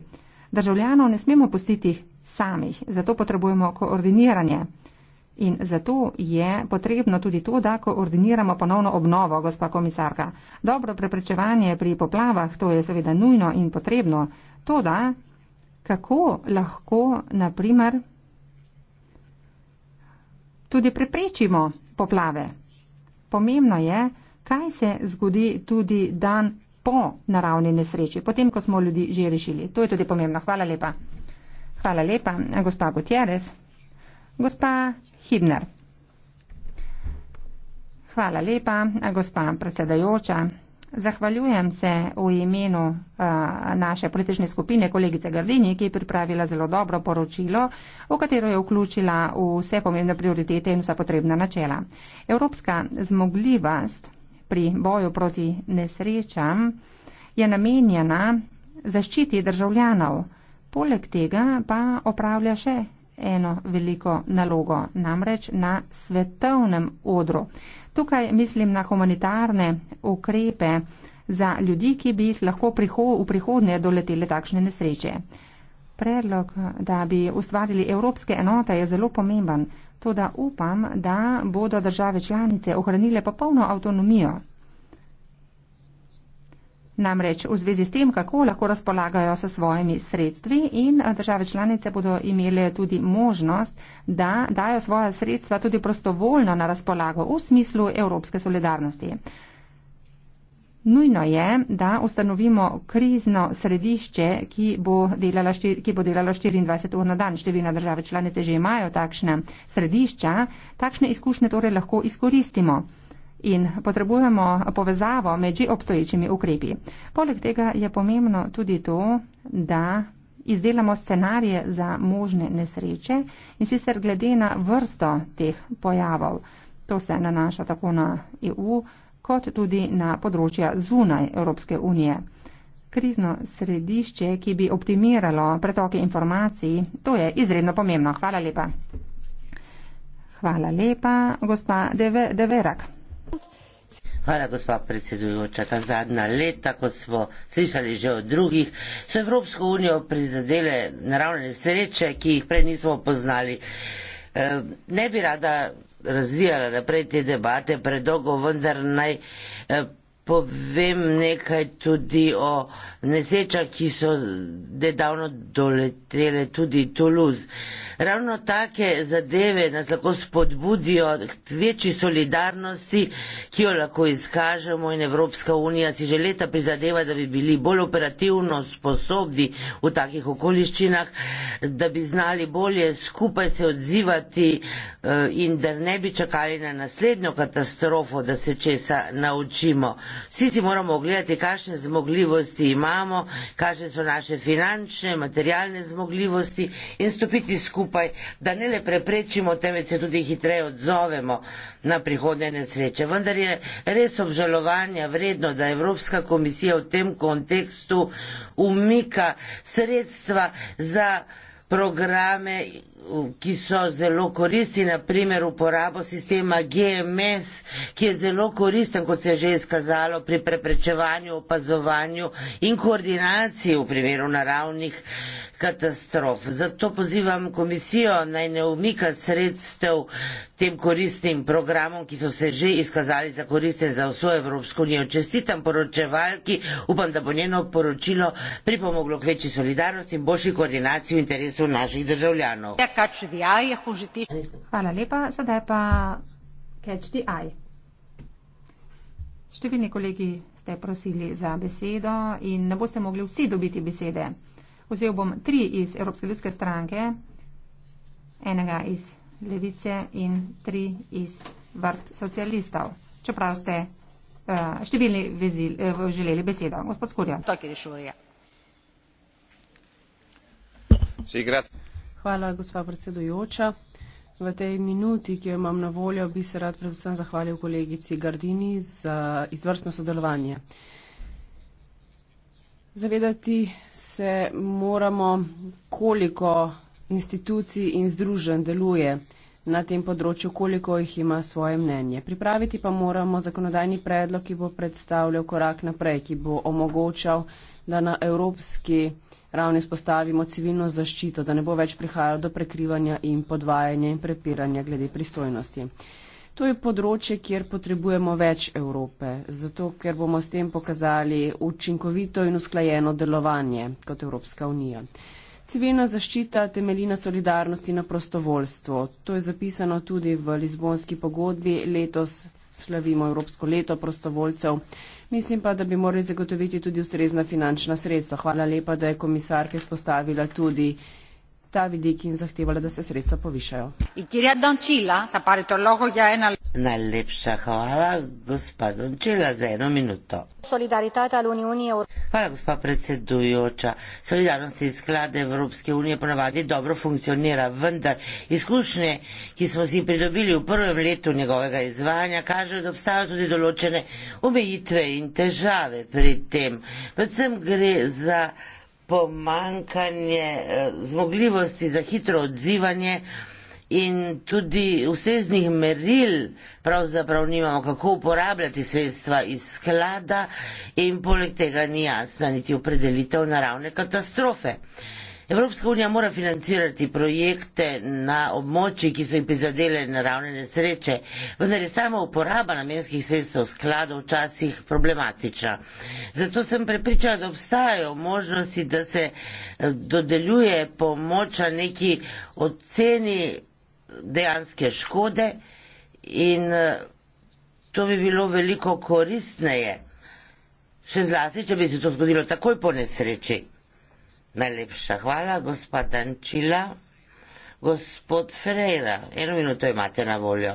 Državljanov ne smemo pustiti samih, zato potrebujemo koordiniranje. In zato je potrebno tudi to, da koordiniramo ponovno obnovo, gospa komisarka. Dobro preprečevanje pri poplavah, to je seveda nujno in potrebno. To, da kako lahko, na primer, tudi preprečimo poplave. Pomembno je, kaj se zgodi tudi dan po naravni nesreči, potem, ko smo ljudi že rešili. To je tudi pomembno. Hvala lepa. Hvala lepa, gospa Gutierrez. Gospa Hibner. Hvala lepa, gospa predsedajoča. Zahvaljujem se v imenu a, naše politične skupine kolegice Gardini, ki je pripravila zelo dobro poročilo, v katero je vključila vse pomembne prioritete in vsa potrebna načela. Evropska zmogljivost pri boju proti nesrečam, je namenjena zaščiti državljanov. Poleg tega pa opravlja še eno veliko nalogo, namreč na svetovnem odru. Tukaj mislim na humanitarne ukrepe za ljudi, ki bi jih lahko v prihodnje doletele takšne nesreče. Predlog, da bi ustvarili evropske enote, je zelo pomemben. Toda upam, da bodo države članice ohranile popolno avtonomijo. Namreč v zvezi s tem, kako lahko razpolagajo s svojimi sredstvi in države članice bodo imele tudi možnost, da dajo svoja sredstva tudi prostovoljno na razpolago v smislu evropske solidarnosti. Nujno je, da ustanovimo krizno središče, ki bo delalo, štir, ki bo delalo 24 ur na dan. Številne države članice že imajo takšne središča, takšne izkušnje torej lahko izkoristimo in potrebujemo povezavo med že obstoječimi ukrepi. Poleg tega je pomembno tudi to, da izdelamo scenarije za možne nesreče in sicer glede na vrsto teh pojavov. To se nanaša tako na EU kot tudi na področja zunaj Evropske unije. Krizno središče, ki bi optimiralo pretoke informacij, to je izredno pomembno. Hvala lepa. Hvala lepa, gospa Deve, Deverak.
Hvala, gospa predsedujoča. Ta zadnja leta, kot smo slišali že od drugih, so Evropsko unijo prizadele naravne sreče, ki jih prej nismo poznali. Eh, ne bi rada razvijala naprej te debate, predolgo vendar naj eh, povem nekaj tudi o nesečah, ki so nedavno doletele tudi Toulouse. Ravno take zadeve nas lahko spodbudijo k večji solidarnosti, ki jo lahko izkažemo in Evropska unija si že leta prizadeva, da bi bili bolj operativno sposobni v takih okoliščinah, da bi znali bolje skupaj se odzivati eh, in da ne bi čakali na naslednjo katastrofo, da se česa naučimo vsi si moramo ogledati, kakšne zmogljivosti imamo, kakšne so naše finančne, materialne zmogljivosti in stopiti skupaj, da ne le preprečimo, temveč se tudi hitreje odzovemo na prihodne nesreče. Vendar je res obžalovanja vredno, da Evropska komisija v tem kontekstu umika sredstva za programe ki so zelo koristi, naprimer uporabo sistema GMS, ki je zelo koristen, kot se je že izkazalo, pri preprečevanju, opazovanju in koordinaciji v primeru naravnih katastrof. Zato pozivam komisijo naj ne umika sredstev tem koristnim programom, ki so se že izkazali za koristen za vso Evropsko unijo. Čestitam poročevalki, upam, da bo njeno poročilo pripomoglo k večji solidarnosti in boljši koordinaciji v interesu naših državljanov. Ja, Catch the Eye, Hožiti.
Hvala lepa, sedaj pa Catch the Eye. Številni kolegi ste prosili za besedo in ne boste mogli vsi dobiti besede. Vzel bom tri iz Evropske ljudske stranke, enega iz levice in tri iz vrst socialistov. Čeprav ste uh, številni vezil, uh, eh, želeli besedo. Gospod Skurja. Tako je rešil, ja.
Sì, grazie.
Hvala, gospa predsedujoča. V tej minuti, ki jo imam na voljo, bi se rad predvsem zahvalil kolegici Gardini za izvrstno sodelovanje. Zavedati se moramo, koliko institucij in združen deluje na tem področju, koliko jih ima svoje mnenje. Pripraviti pa moramo zakonodajni predlog, ki bo predstavljal korak naprej, ki bo omogočal, da na evropski ravni spostavimo civilno zaščito, da ne bo več prihajalo do prekrivanja in podvajanja in prepiranja glede pristojnosti. To je področje, kjer potrebujemo več Evrope, zato ker bomo s tem pokazali učinkovito in usklajeno delovanje kot Evropska unija. Civilna zaščita temelji na solidarnosti na prostovoljstvu. To je zapisano tudi v Lizbonski pogodbi. Letos slavimo Evropsko leto prostovoljcev. Mislim pa, da bi morali zagotoviti tudi ustrezna finančna sredstva. Hvala lepa, da je komisarka izpostavila tudi ta vidik in zahtevala, da se sredstva povišajo.
Najlepša hvala, gospa Dončila, za eno minuto. Hvala, gospa predsedujoča. Solidarnost iz sklade Evropske unije ponavadi dobro funkcionira, vendar izkušnje, ki smo si pridobili v prvem letu njegovega izvajanja, kažejo, da obstajajo tudi določene omejitve in težave pri tem. Predvsem gre za pomankanje eh, zmogljivosti za hitro odzivanje in tudi ustreznih meril, pravzaprav nimamo, kako uporabljati sredstva iz sklada in poleg tega ni jasna niti opredelitev naravne katastrofe. Evropska unija mora financirati projekte na območjih, ki so jih prizadele naravne nesreče, vendar je sama uporaba namenskih sredstev skladov včasih problematična. Zato sem prepričana, da obstajajo možnosti, da se eh, dodeljuje pomoč na neki oceni dejanske škode in eh, to bi bilo veliko koristneje, še zlasti, če bi se to zgodilo takoj po nesreči. Najlepša hvala, gospa Dančila. Gospod Ferreira, eno minuto imate na voljo.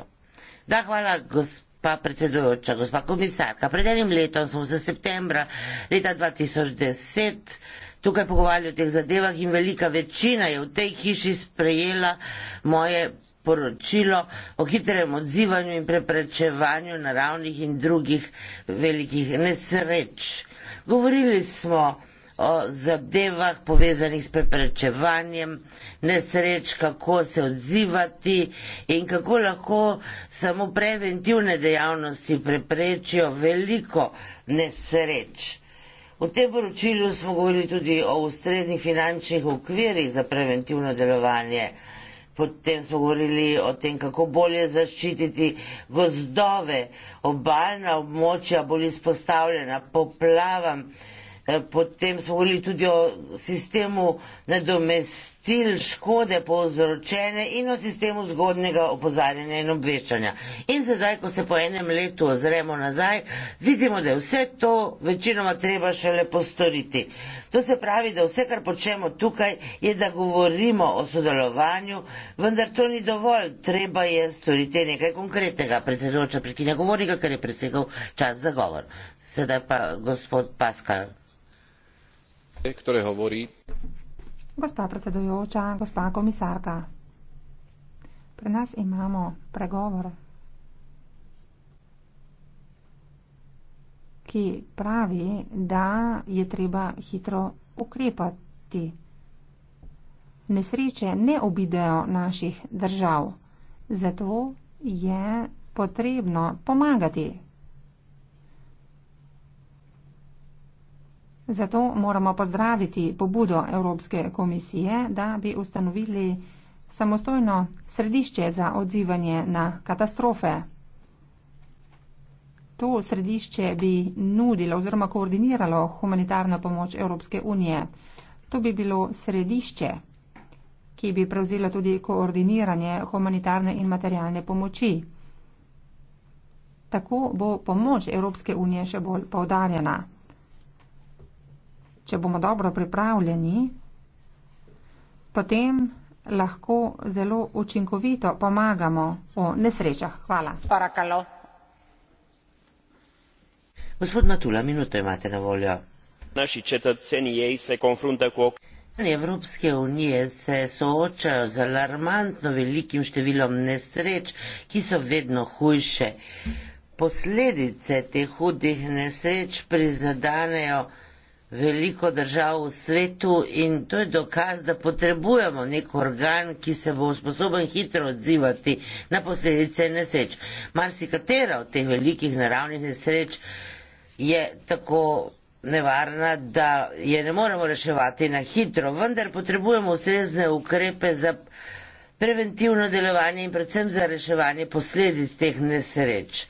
Da, hvala, gospa predsedujoča, gospa komisarka. Pred enim letom smo se septembra leta 2010 tukaj pogovarjali o teh zadevah in velika večina je v tej hiši sprejela moje poročilo o hitrem odzivanju in preprečevanju naravnih in drugih velikih nesreč. Govorili smo o zadevah povezanih s preprečevanjem nesreč, kako se odzivati in kako lahko samo preventivne dejavnosti preprečijo veliko nesreč. V tem poročilu smo govorili tudi o ustreznih finančnih okvirih za preventivno delovanje. Potem smo govorili o tem, kako bolje zaščititi gozdove, obaljna območja bolj izpostavljena poplavam, Eh, potem smo govorili tudi o sistemu nadomestil škode povzročene in o sistemu zgodnega opozarjanja in obveščanja. In sedaj, ko se po enem letu ozremo nazaj, vidimo, da je vse to večinoma treba šele postoriti. To se pravi, da vse, kar počnemo tukaj, je, da govorimo o sodelovanju, vendar to ni dovolj. Treba je storiti nekaj konkretnega. Predsedujoča prekinja govornika, ker je presegal čas za govor. Sedaj pa gospod Paskal ktoré hovorí...
Gospa predsedujoča, gospa komisárka, pre nás imamo pregovor, ki pravi, da je treba hitro ukrepati. Nesreče ne obidejo naših držav, zato je potrebno pomagati Zato moramo pozdraviti pobudo Evropske komisije, da bi ustanovili samostojno središče za odzivanje na katastrofe. To središče bi nudilo oziroma koordiniralo humanitarno pomoč Evropske unije. To bi bilo središče, ki bi prevzelo tudi koordiniranje humanitarne in materialne pomoči. Tako bo pomoč Evropske unije še bolj povdarjena če bomo dobro pripravljeni, potem lahko zelo učinkovito pomagamo v nesrečah. Hvala. Parakalo.
Gospod Matula, minuto imate na voljo.
Naši četrceni jej se konfrunta kok.
Evropske unije se soočajo z alarmantno velikim številom nesreč, ki so vedno hujše. Posledice teh hudih nesreč prizadanejo veliko držav v svetu in to je dokaz, da potrebujemo nek organ, ki se bo sposoben hitro odzivati na posledice nesreč. Marsikatera od teh velikih naravnih nesreč je tako nevarna, da je ne moremo reševati na hitro, vendar potrebujemo ustrezne ukrepe za preventivno delovanje in predvsem za reševanje posledic teh nesreč.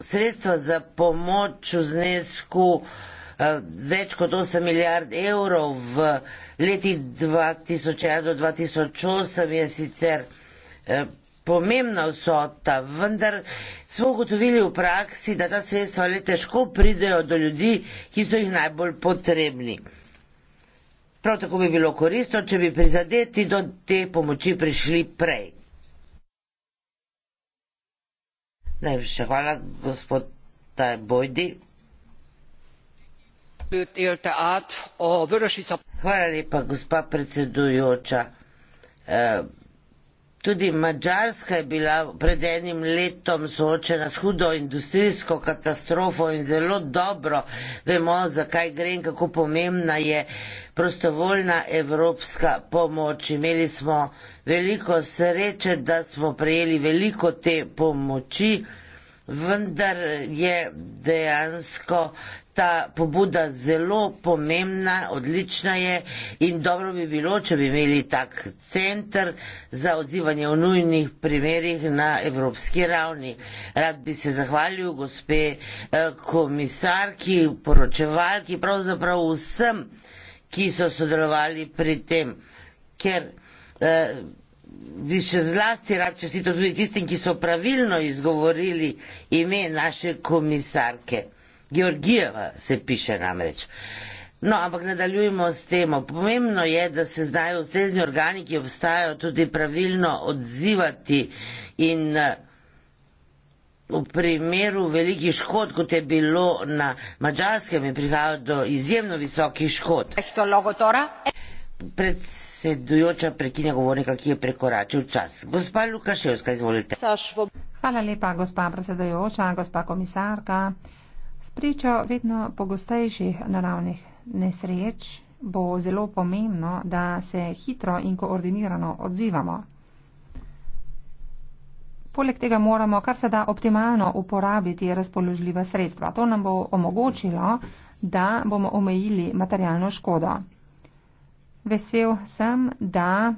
Sredstva za pomoč v znesku Eh, več kot 8 milijard evrov v letih 2001 do 2008 je sicer eh, pomembna vsota, vendar smo ugotovili v praksi, da ta sredstva le težko pridejo do ljudi, ki so jih najbolj potrebni. Prav tako bi bilo koristno, če bi prizadeti do te pomoči prišli prej. Najprej še hvala, gospod Tajbojdi szereplőt élte át a vörösiszap. Hvala gospa predsedujoča. Eh, tudi Mačarska je bila pred enim letom soočena s hudo industrijsko katastrofo in zelo dobro vemo, zakaj gre in kako pomembna je prostovoljna evropska pomoč. Imeli smo veliko sreče, da smo prejeli veliko te pomoči vendar je dejansko ta pobuda zelo pomembna, odlična je in dobro bi bilo, če bi imeli tak center za odzivanje v nujnih primerih na evropski ravni. Rad bi se zahvalil gospe eh, komisarki, poročevalki, pravzaprav vsem, ki so sodelovali pri tem, ker eh, bi še zlasti rad čestitil tudi tistim, ki so pravilno izgovorili ime naše komisarke. Georgijeva se piše namreč. No, ampak nadaljujemo s temo. Pomembno je, da se znajo ustrezni organi, ki obstajajo, tudi pravilno odzivati in eh, v primeru velikih škod, kot je bilo na Mačarskem, je prihajalo do izjemno visokih škod. Predstavljamo predsedujoča prekine govornika, ki je prekoračil čas. Gospa Lukaševska, izvolite.
Hvala lepa, gospa predsedujoča, gospa komisarka. Spričo vedno pogostejših naravnih nesreč bo zelo pomembno, da se hitro in koordinirano odzivamo. Poleg tega moramo kar se da optimalno uporabiti razpoložljiva sredstva. To nam bo omogočilo, da bomo omejili materialno škodo vesel sem, da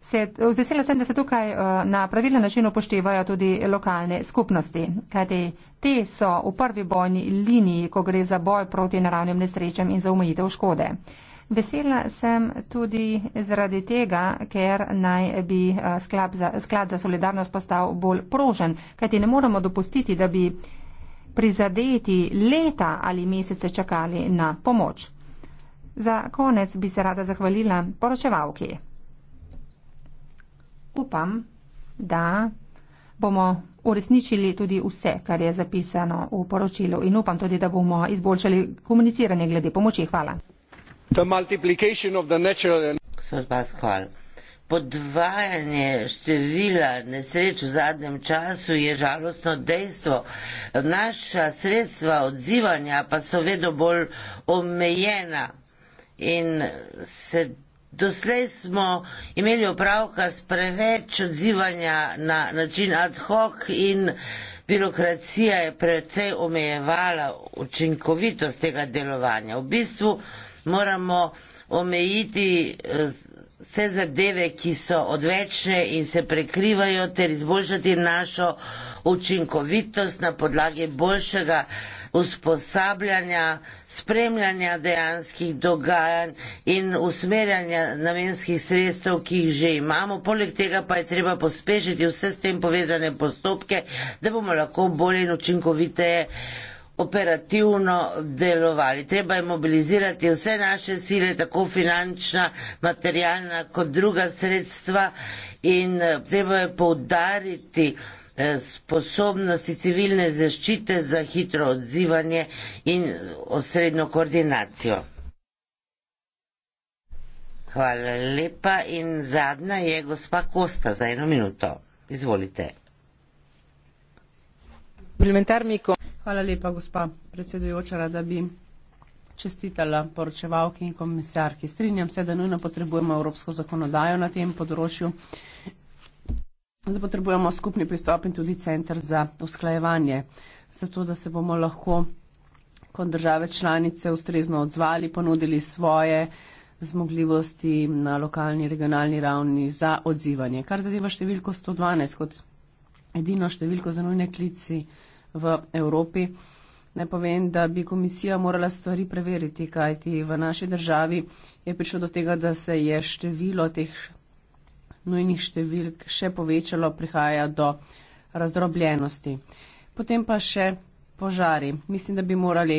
se, vesela sem, da se tukaj na pravilen način upoštevajo tudi lokalne skupnosti, kajti te so v prvi bojni liniji, ko gre za boj proti naravnim nesrečam in za umejitev škode. Vesela sem tudi zaradi tega, ker naj bi za, sklad za solidarnost postal bolj prožen, kajti ne moramo dopustiti, da bi prizadeti leta ali mesece čakali na pomoč. Za konec bi se rada zahvalila poročevalki. Upam, da bomo uresničili tudi vse, kar je zapisano v poročilu in upam tudi, da bomo izboljšali komuniciranje glede pomoči. Hvala.
Podvajanje števila nesreč v zadnjem času je žalostno dejstvo. Naša sredstva odzivanja pa so vedno bolj omejena in se doslej smo imeli opravka s preveč odzivanja na način ad hoc in birokracija je precej omejevala učinkovitost tega delovanja. V bistvu moramo omejiti eh, vse zadeve, ki so odvečne in se prekrivajo ter izboljšati našo učinkovitost na podlagi boljšega usposabljanja, spremljanja dejanskih dogajanj in usmerjanja namenskih sredstev, ki jih že imamo. Poleg tega pa je treba pospešiti vse s tem povezane postopke, da bomo lahko bolje in učinkoviteje operativno delovali. Treba je mobilizirati vse naše sile, tako finančna, materialna kot druga sredstva in treba je poudariti, Eh, sposobnosti civilne zaščite za hitro odzivanje in osrednjo koordinacijo. Hvala lepa. In zadnja je gospa Kosta za eno minuto. Izvolite.
Hvala lepa, gospa
predsedujoča, rada bi čestitala poročevalki in komisarki. Strinjam se, da nujno potrebujemo evropsko zakonodajo na tem področju da potrebujemo skupni pristop in tudi center za usklajevanje, zato da se bomo lahko kot države članice ustrezno odzvali, ponudili svoje zmogljivosti na lokalni, regionalni ravni za odzivanje. Kar zadeva številko 112 kot edino številko za nujne klici v Evropi, naj povem, da bi komisija morala stvari preveriti, kajti v naši državi je prišlo do tega, da se je število teh nujnih številk še povečalo, prihaja do razdrobljenosti. Potem pa še požari. Mislim, da bi morali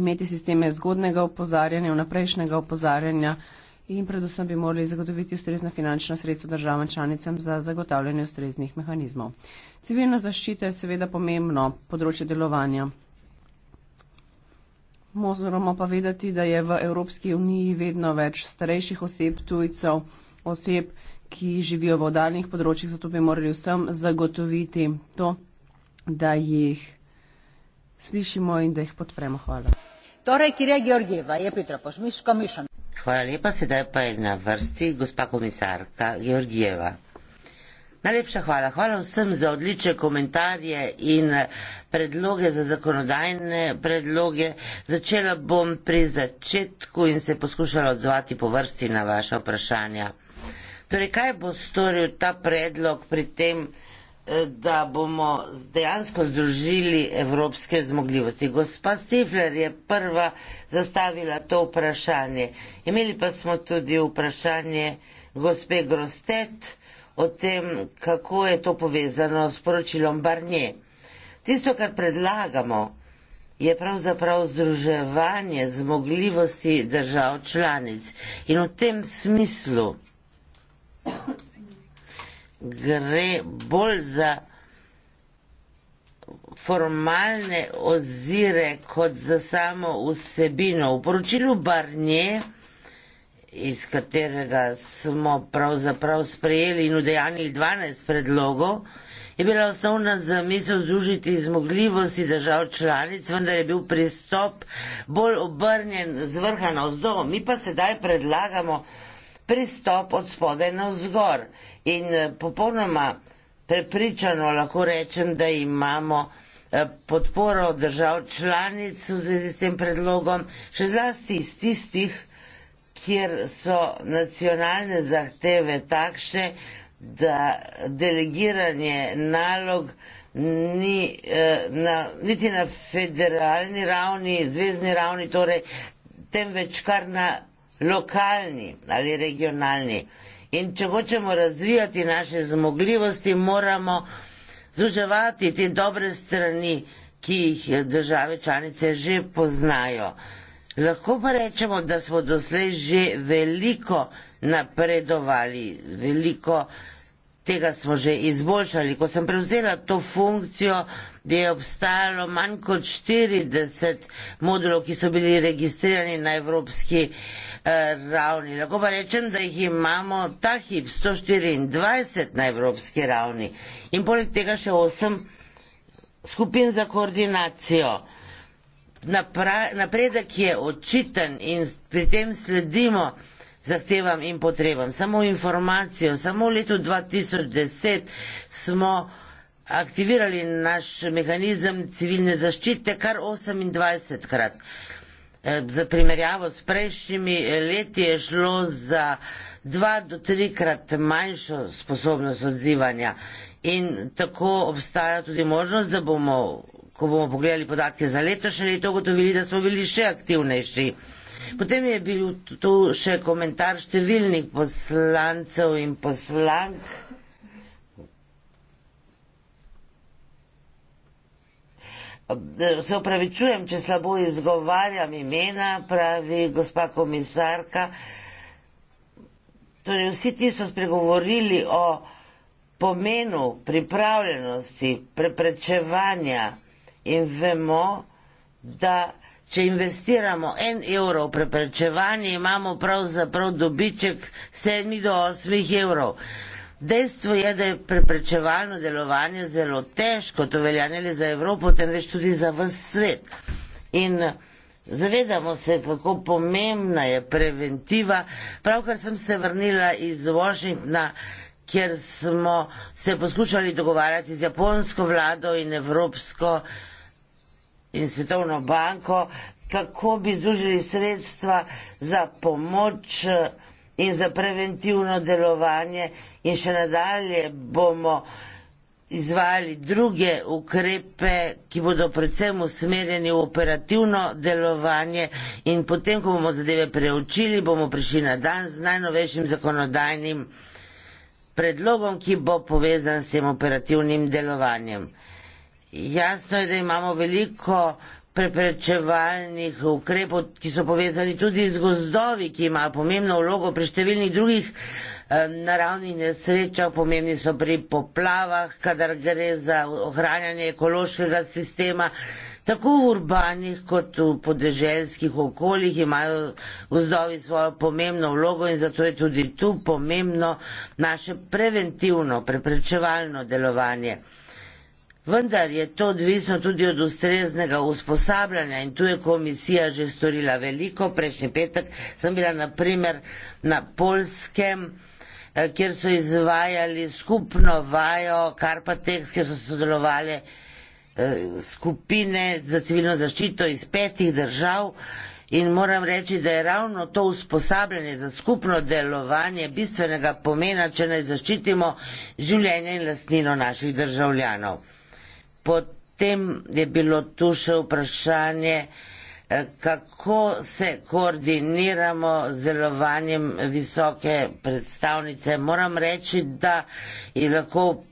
imeti sisteme zgodnega opozarjanja, vnaprejšnjega opozarjanja in predvsem bi morali zagotoviti ustrezna finančna sredstva državam članicam za zagotavljanje ustreznih mehanizmov. Civilna zaščita je seveda pomembno področje delovanja. Moramo pa vedeti, da je v Evropski uniji vedno več starejših oseb, tujcev, oseb, ki živijo v oddaljnih področjih, zato bi morali vsem zagotoviti to, da jih slišimo in da jih podpremo. Hvala.
Torej, Kirja Georgijeva je Petra Pošmiško Mišan. Hvala lepa, sedaj pa je na vrsti gospa komisarka Georgijeva. Najlepša hvala. Hvala vsem za odlične komentarje in eh, predloge za zakonodajne predloge. Začela bom pri začetku in se poskušala odzvati po vrsti na vaše vprašanja. Torej, kaj bo storil ta predlog pri tem, eh, da bomo dejansko združili evropske zmogljivosti? Gospa Stifler je prva zastavila to vprašanje. Imeli pa smo tudi vprašanje gospe Grostet o tem, kako je to povezano s poročilom Barnje. Tisto, kar predlagamo, je pravzaprav združevanje zmogljivosti držav članic. In v tem smislu gre bolj za formalne ozire kot za samo vsebino. V poročilu Barnje, iz katerega smo pravzaprav sprejeli in udejanili 12 predlogov, je bila osnovna zamisel združiti zmogljivosti držav članic, vendar je bil pristop bolj obrnjen z vrha na vzdolj. Mi pa sedaj predlagamo, pristop od spodaj na vzgor. In eh, popolnoma prepričano lahko rečem, da imamo eh, podporo držav članic v zvezi s tem predlogom, še zlasti iz tistih, kjer so nacionalne zahteve takšne, da delegiranje nalog ni eh, na, niti na federalni ravni, zvezdni ravni, torej, temveč kar na lokalni ali regionalni. In če hočemo razvijati naše zmogljivosti, moramo združevati te dobre strani, ki jih eh, države članice že poznajo. Lahko pa rečemo, da smo doslej že veliko napredovali, veliko tega smo že izboljšali. Ko sem prevzela to funkcijo, da je obstajalo manj kot 40 modulov, ki so bili registrirani na evropski eh, ravni. Lahko pa rečem, da jih imamo ta hip 124 na evropski ravni in poleg tega še 8 skupin za koordinacijo. Napra napredek je očiten in pri tem sledimo zahtevam in potrebam. Samo informacijo, samo v letu 2010 smo aktivirali naš mehanizem civilne zaščite kar 28 krat. E, za primerjavo s prejšnjimi e, leti je šlo za dva do trikrat manjšo sposobnost odzivanja in tako obstaja tudi možnost, da bomo, ko bomo pogledali podatke za letošnje leto, ugotovili, da smo bili še aktivnejši. Potem je bil tu še komentar številnih poslancev in poslank. Se upravičujem, če slabo izgovarjam imena, pravi gospa komisarka. Torej, vsi ti so spregovorili o pomenu pripravljenosti, preprečevanja in vemo, da če investiramo en evro v preprečevanje, imamo pravzaprav dobiček sedmi do osmih evrov. Dejstvo je, da je preprečevalno delovanje zelo težko, to velja ne le za Evropo, temveč tudi za vse svet. In zavedamo se, kako pomembna je preventiva. Pravkar sem se vrnila iz Washingtona, kjer smo se poskušali dogovarjati z japonsko vlado in Evropsko in Svetovno banko, kako bi združili sredstva za pomoč in za preventivno delovanje in še nadalje bomo izvajali druge ukrepe, ki bodo predvsem usmerjeni v operativno delovanje in potem, ko bomo zadeve preučili, bomo prišli na dan z najnovejšim zakonodajnim predlogom, ki bo povezan s tem operativnim delovanjem. Jasno je, da imamo veliko preprečevalnih ukrepov, ki so povezani tudi z gozdovi, ki imajo pomembno vlogo pri številnih drugih naravnih nesrečah, pomembni so pri poplavah, kadar gre za ohranjanje ekološkega sistema. Tako v urbanih kot v podeželskih okoljih imajo gozdovi svojo pomembno vlogo in zato je tudi tu pomembno naše preventivno, preprečevalno delovanje. Vendar je to odvisno tudi od ustreznega usposabljanja in tu je komisija že storila veliko. Prejšnji petek sem bila naprimer na polskem. Eh, kjer so izvajali skupno vajo Karpateks, kjer so sodelovali eh, skupine za civilno zaščito iz petih držav in moram reči, da je ravno to usposabljanje za skupno delovanje bistvenega pomena, če naj zaščitimo življenje in lastnino naših državljanov. Potem je bilo tu še vprašanje, kako se koordiniramo z delovanjem visoke predstavnice. Moram reči, da je lahko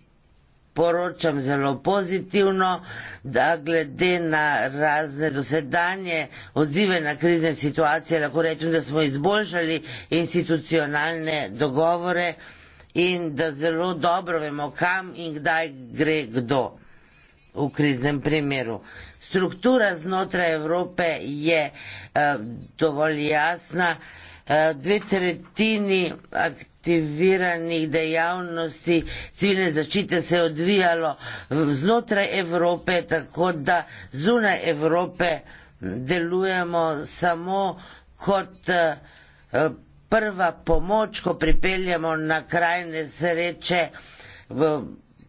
poročam zelo pozitivno, da glede na razne dosedanje odzive na krizne situacije lahko rečem, da smo izboljšali institucionalne dogovore in da zelo dobro vemo, kam in kdaj gre kdo v kriznem primeru struktura znotraj Evrope je eh, dovolj jasna. Eh, dve tretjini aktiviranih dejavnosti civilne zaščite se je odvijalo znotraj Evrope, tako da zunaj Evrope delujemo samo kot eh, prva pomoč, ko pripeljamo na kraj nesreče v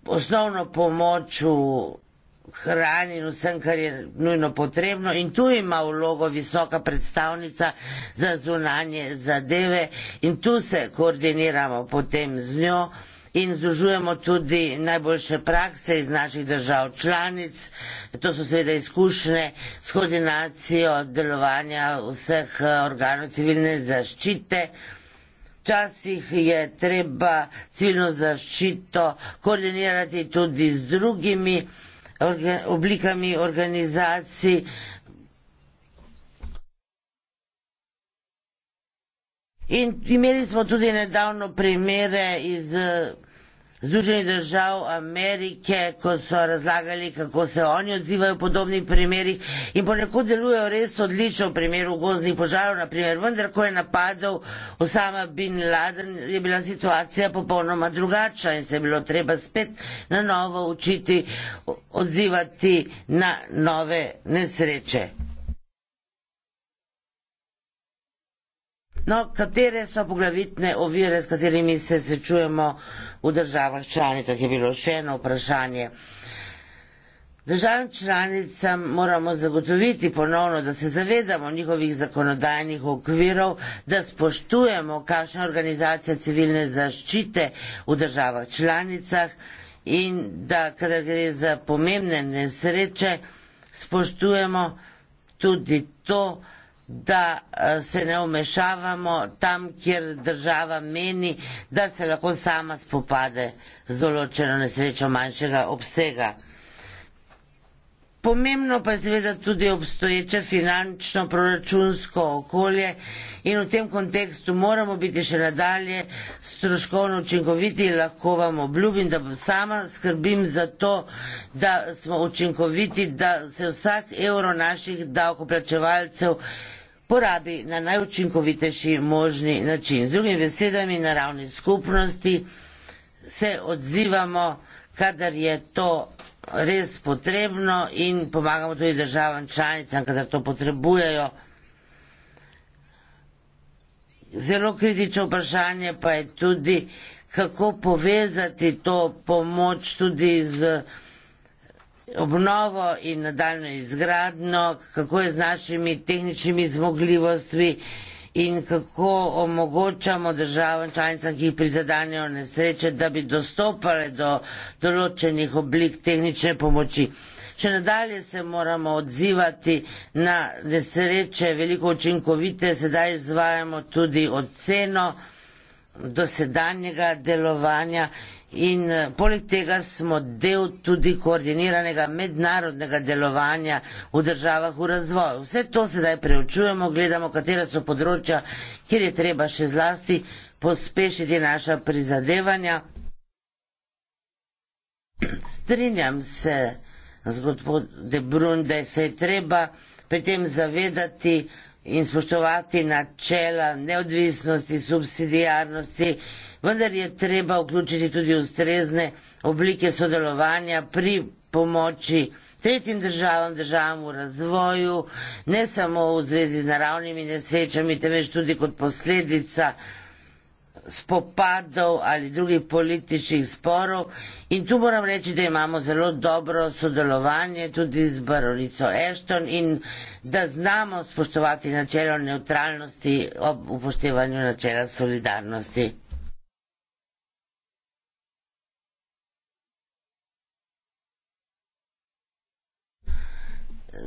osnovno pomoč v hrani in vsem, kar je nujno potrebno. In tu ima vlogo visoka predstavnica za zunanje zadeve in tu se koordiniramo potem z njo in združujemo tudi najboljše prakse iz naših držav članic. To so seveda izkušnje s koordinacijo delovanja vseh eh, organov civilne zaščite. Včasih je treba civilno zaščito koordinirati tudi z drugimi orga, oblikami organizacij. In imeli smo tudi nedavno primere iz Združenih držav Amerike, ko so razlagali, kako se oni odzivajo v podobnih primerih in ponekod delujejo res odlično v primeru gozdnih požarov, naprimer, vendar, ko je napadel Osama bin Laden, je bila situacija popolnoma drugačna in se je bilo treba spet na novo učiti odzivati na nove nesreče. No, katere so poglavitne ovire, s katerimi se srečujemo v državah članicah, je bilo še eno vprašanje. Državam članicam moramo zagotoviti ponovno, da se zavedamo njihovih zakonodajnih okvirov, da spoštujemo, kakšna organizacija civilne zaščite v državah članicah in da, kadar gre za pomembne nesreče, spoštujemo tudi to, da eh, se ne umešavamo tam, kjer država meni, da se lahko sama spopade z določeno nesrečo manjšega obsega. Pomembno pa je seveda tudi obstoječe finančno proračunsko okolje in v tem kontekstu moramo biti še nadalje stroškovno učinkoviti. Lahko vam obljubim, da sama skrbim za to, da smo učinkoviti, da se vsak evro naših davkoplačevalcev porabi na najučinkovitejši možni način. Z drugimi besedami, na ravni skupnosti se odzivamo, kadar je to res potrebno in pomagamo tudi državam članicam, kadar to potrebujejo. Zelo kritično vprašanje pa je tudi, kako povezati to pomoč tudi z obnovo in nadaljno izgradno, kako je z našimi tehničnimi zmogljivostmi in kako omogočamo državam članicam, ki jih prizadanejo nesreče, da bi dostopale do določenih oblik tehnične pomoči. Še nadalje se moramo odzivati na nesreče veliko učinkovite, sedaj izvajamo tudi oceno dosedanjega delovanja In eh, poleg tega smo del tudi koordiniranega mednarodnega delovanja v državah v razvoju. Vse to sedaj preučujemo, gledamo, katera so področja, kjer je treba še zlasti pospešiti naša prizadevanja. Strinjam se z gospodom De Bruyne, da se je treba pri tem zavedati in spoštovati načela neodvisnosti, subsidijarnosti, vendar je treba vključiti tudi ustrezne oblike sodelovanja pri pomoči tretjim državam, državam v razvoju, ne samo v zvezi z naravnimi nesrečami, temveč tudi kot posledica spopadov ali drugih političnih sporov. In tu moram reči, da imamo zelo dobro sodelovanje tudi z baronico Ashton in da znamo spoštovati načelo neutralnosti ob upoštevanju načela solidarnosti.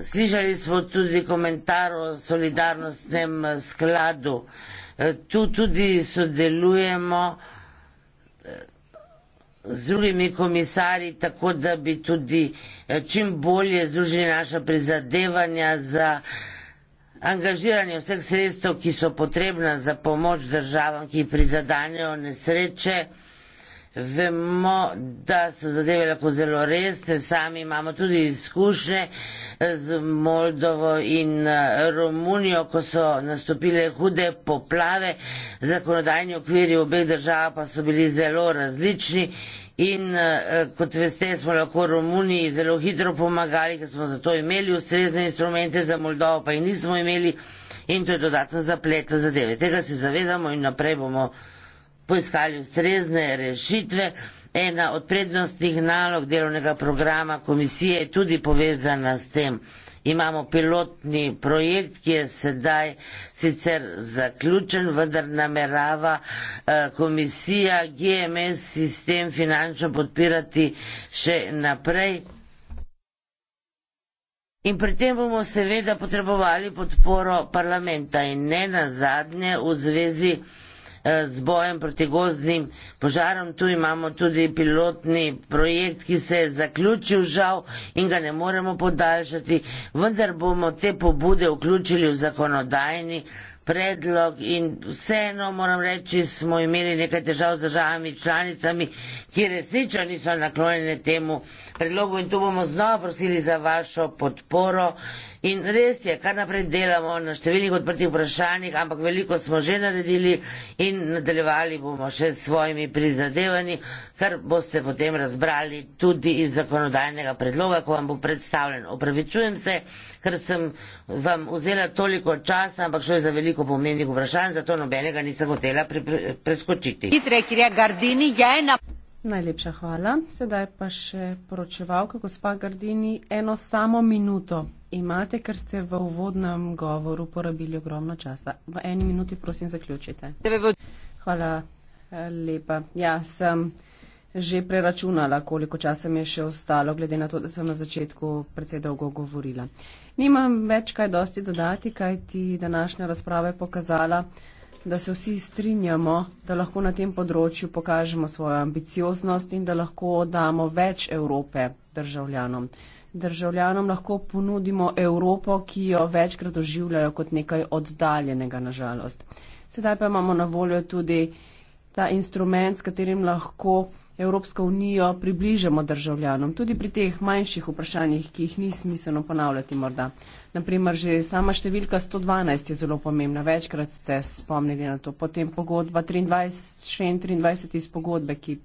Slišali smo tudi komentar o solidarnostnem eh, skladu. Eh, tu tudi sodelujemo eh, z drugimi komisari, tako da bi tudi čim bolje združili naša prizadevanja za angažiranje vseh sredstev, ki so potrebna za pomoč državam, ki prizadanjajo nesreče. Vemo, da so zadeve lahko zelo resne, sami imamo tudi izkušnje z Moldovo in eh, Romunijo, ko so nastopile hude poplave. Zakonodajni okviri obeh držav pa so bili zelo različni. In eh, kot veste, smo lahko Romuniji zelo hitro pomagali, ker smo zato imeli ustrezne instrumente, za Moldovo pa jih nismo imeli in to je dodatno zapletlo zadeve. Tega se zavedamo in naprej bomo poiskali ustrezne rešitve. Ena od prednostnih nalog delovnega programa komisije je tudi povezana s tem. Imamo pilotni projekt, ki je sedaj sicer zaključen, vendar namerava eh, komisija GMS sistem finančno podpirati še naprej. In pri tem bomo seveda potrebovali podporo parlamenta in ne nazadnje v zvezi s tem, Eh, z bojem proti gozdnim požarom. Tu imamo tudi pilotni projekt, ki se je zaključil žal in ga ne moremo podaljšati, vendar bomo te pobude vključili v zakonodajni predlog in vseeno moram reči, smo imeli nekaj težav z državami članicami, ki resnično niso naklonjene temu predlogu in tu bomo znova prosili za vašo podporo. In res je, kar naprej delamo na številnih odprtih vprašanjih, ampak veliko smo že naredili in nadaljevali bomo še s svojimi prizadevanji, kar boste potem razbrali tudi iz zakonodajnega predloga, ko vam bo predstavljen. Opravičujem se, ker sem vam vzela toliko časa, ampak šlo je za veliko pomembnih vprašanj, zato nobenega nisem hotela pre pre preskočiti.
Najlepša hvala. Sedaj pa še poročevalka, gospa Gardini, eno samo minuto imate, ker ste v uvodnem govoru porabili ogromno časa. V eni minuti, prosim, zaključite. Hvala eh, lepa. Ja, sem že preračunala, koliko časa mi je še ostalo, glede na to, da sem na začetku precej dolgo govorila. Nimam več kaj dosti dodati, kaj ti današnja razprava je pokazala, da se vsi strinjamo, da lahko na tem področju pokažemo svojo ambicioznost in da lahko damo več Evrope državljanom državljanom lahko ponudimo Evropo, ki jo večkrat doživljajo kot nekaj oddaljenega, nažalost. Sedaj pa imamo na voljo tudi ta instrument, s katerim lahko Evropsko unijo približamo državljanom, tudi pri teh manjših vprašanjih, ki jih ni smiselno ponavljati morda. Naprimer, že sama številka 112 je zelo pomembna, večkrat ste spomnili na to, potem pogodba 23, še 23 iz pogodbe, ki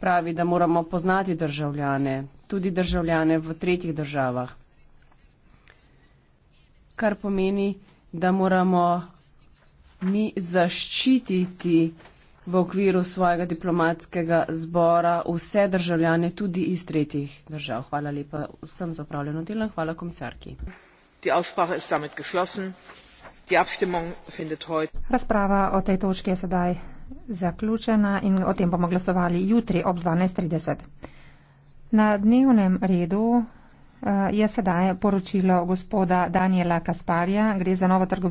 pravi, da moramo poznati državljane, tudi državljane v tretjih državah. Kar pomeni, da moramo mi zaščititi v okviru svojega diplomatskega zbora vse državljane tudi iz tretjih držav. Hvala lepa vsem za upravljeno delo in hvala komisarki.
Razprava o tej točki je sedaj zaključena in o tem bomo glasovali jutri ob 12.30. Na dnevnem redu eh, je sedaj poročilo gospoda Daniela Kasparja, gre za novo trgovino.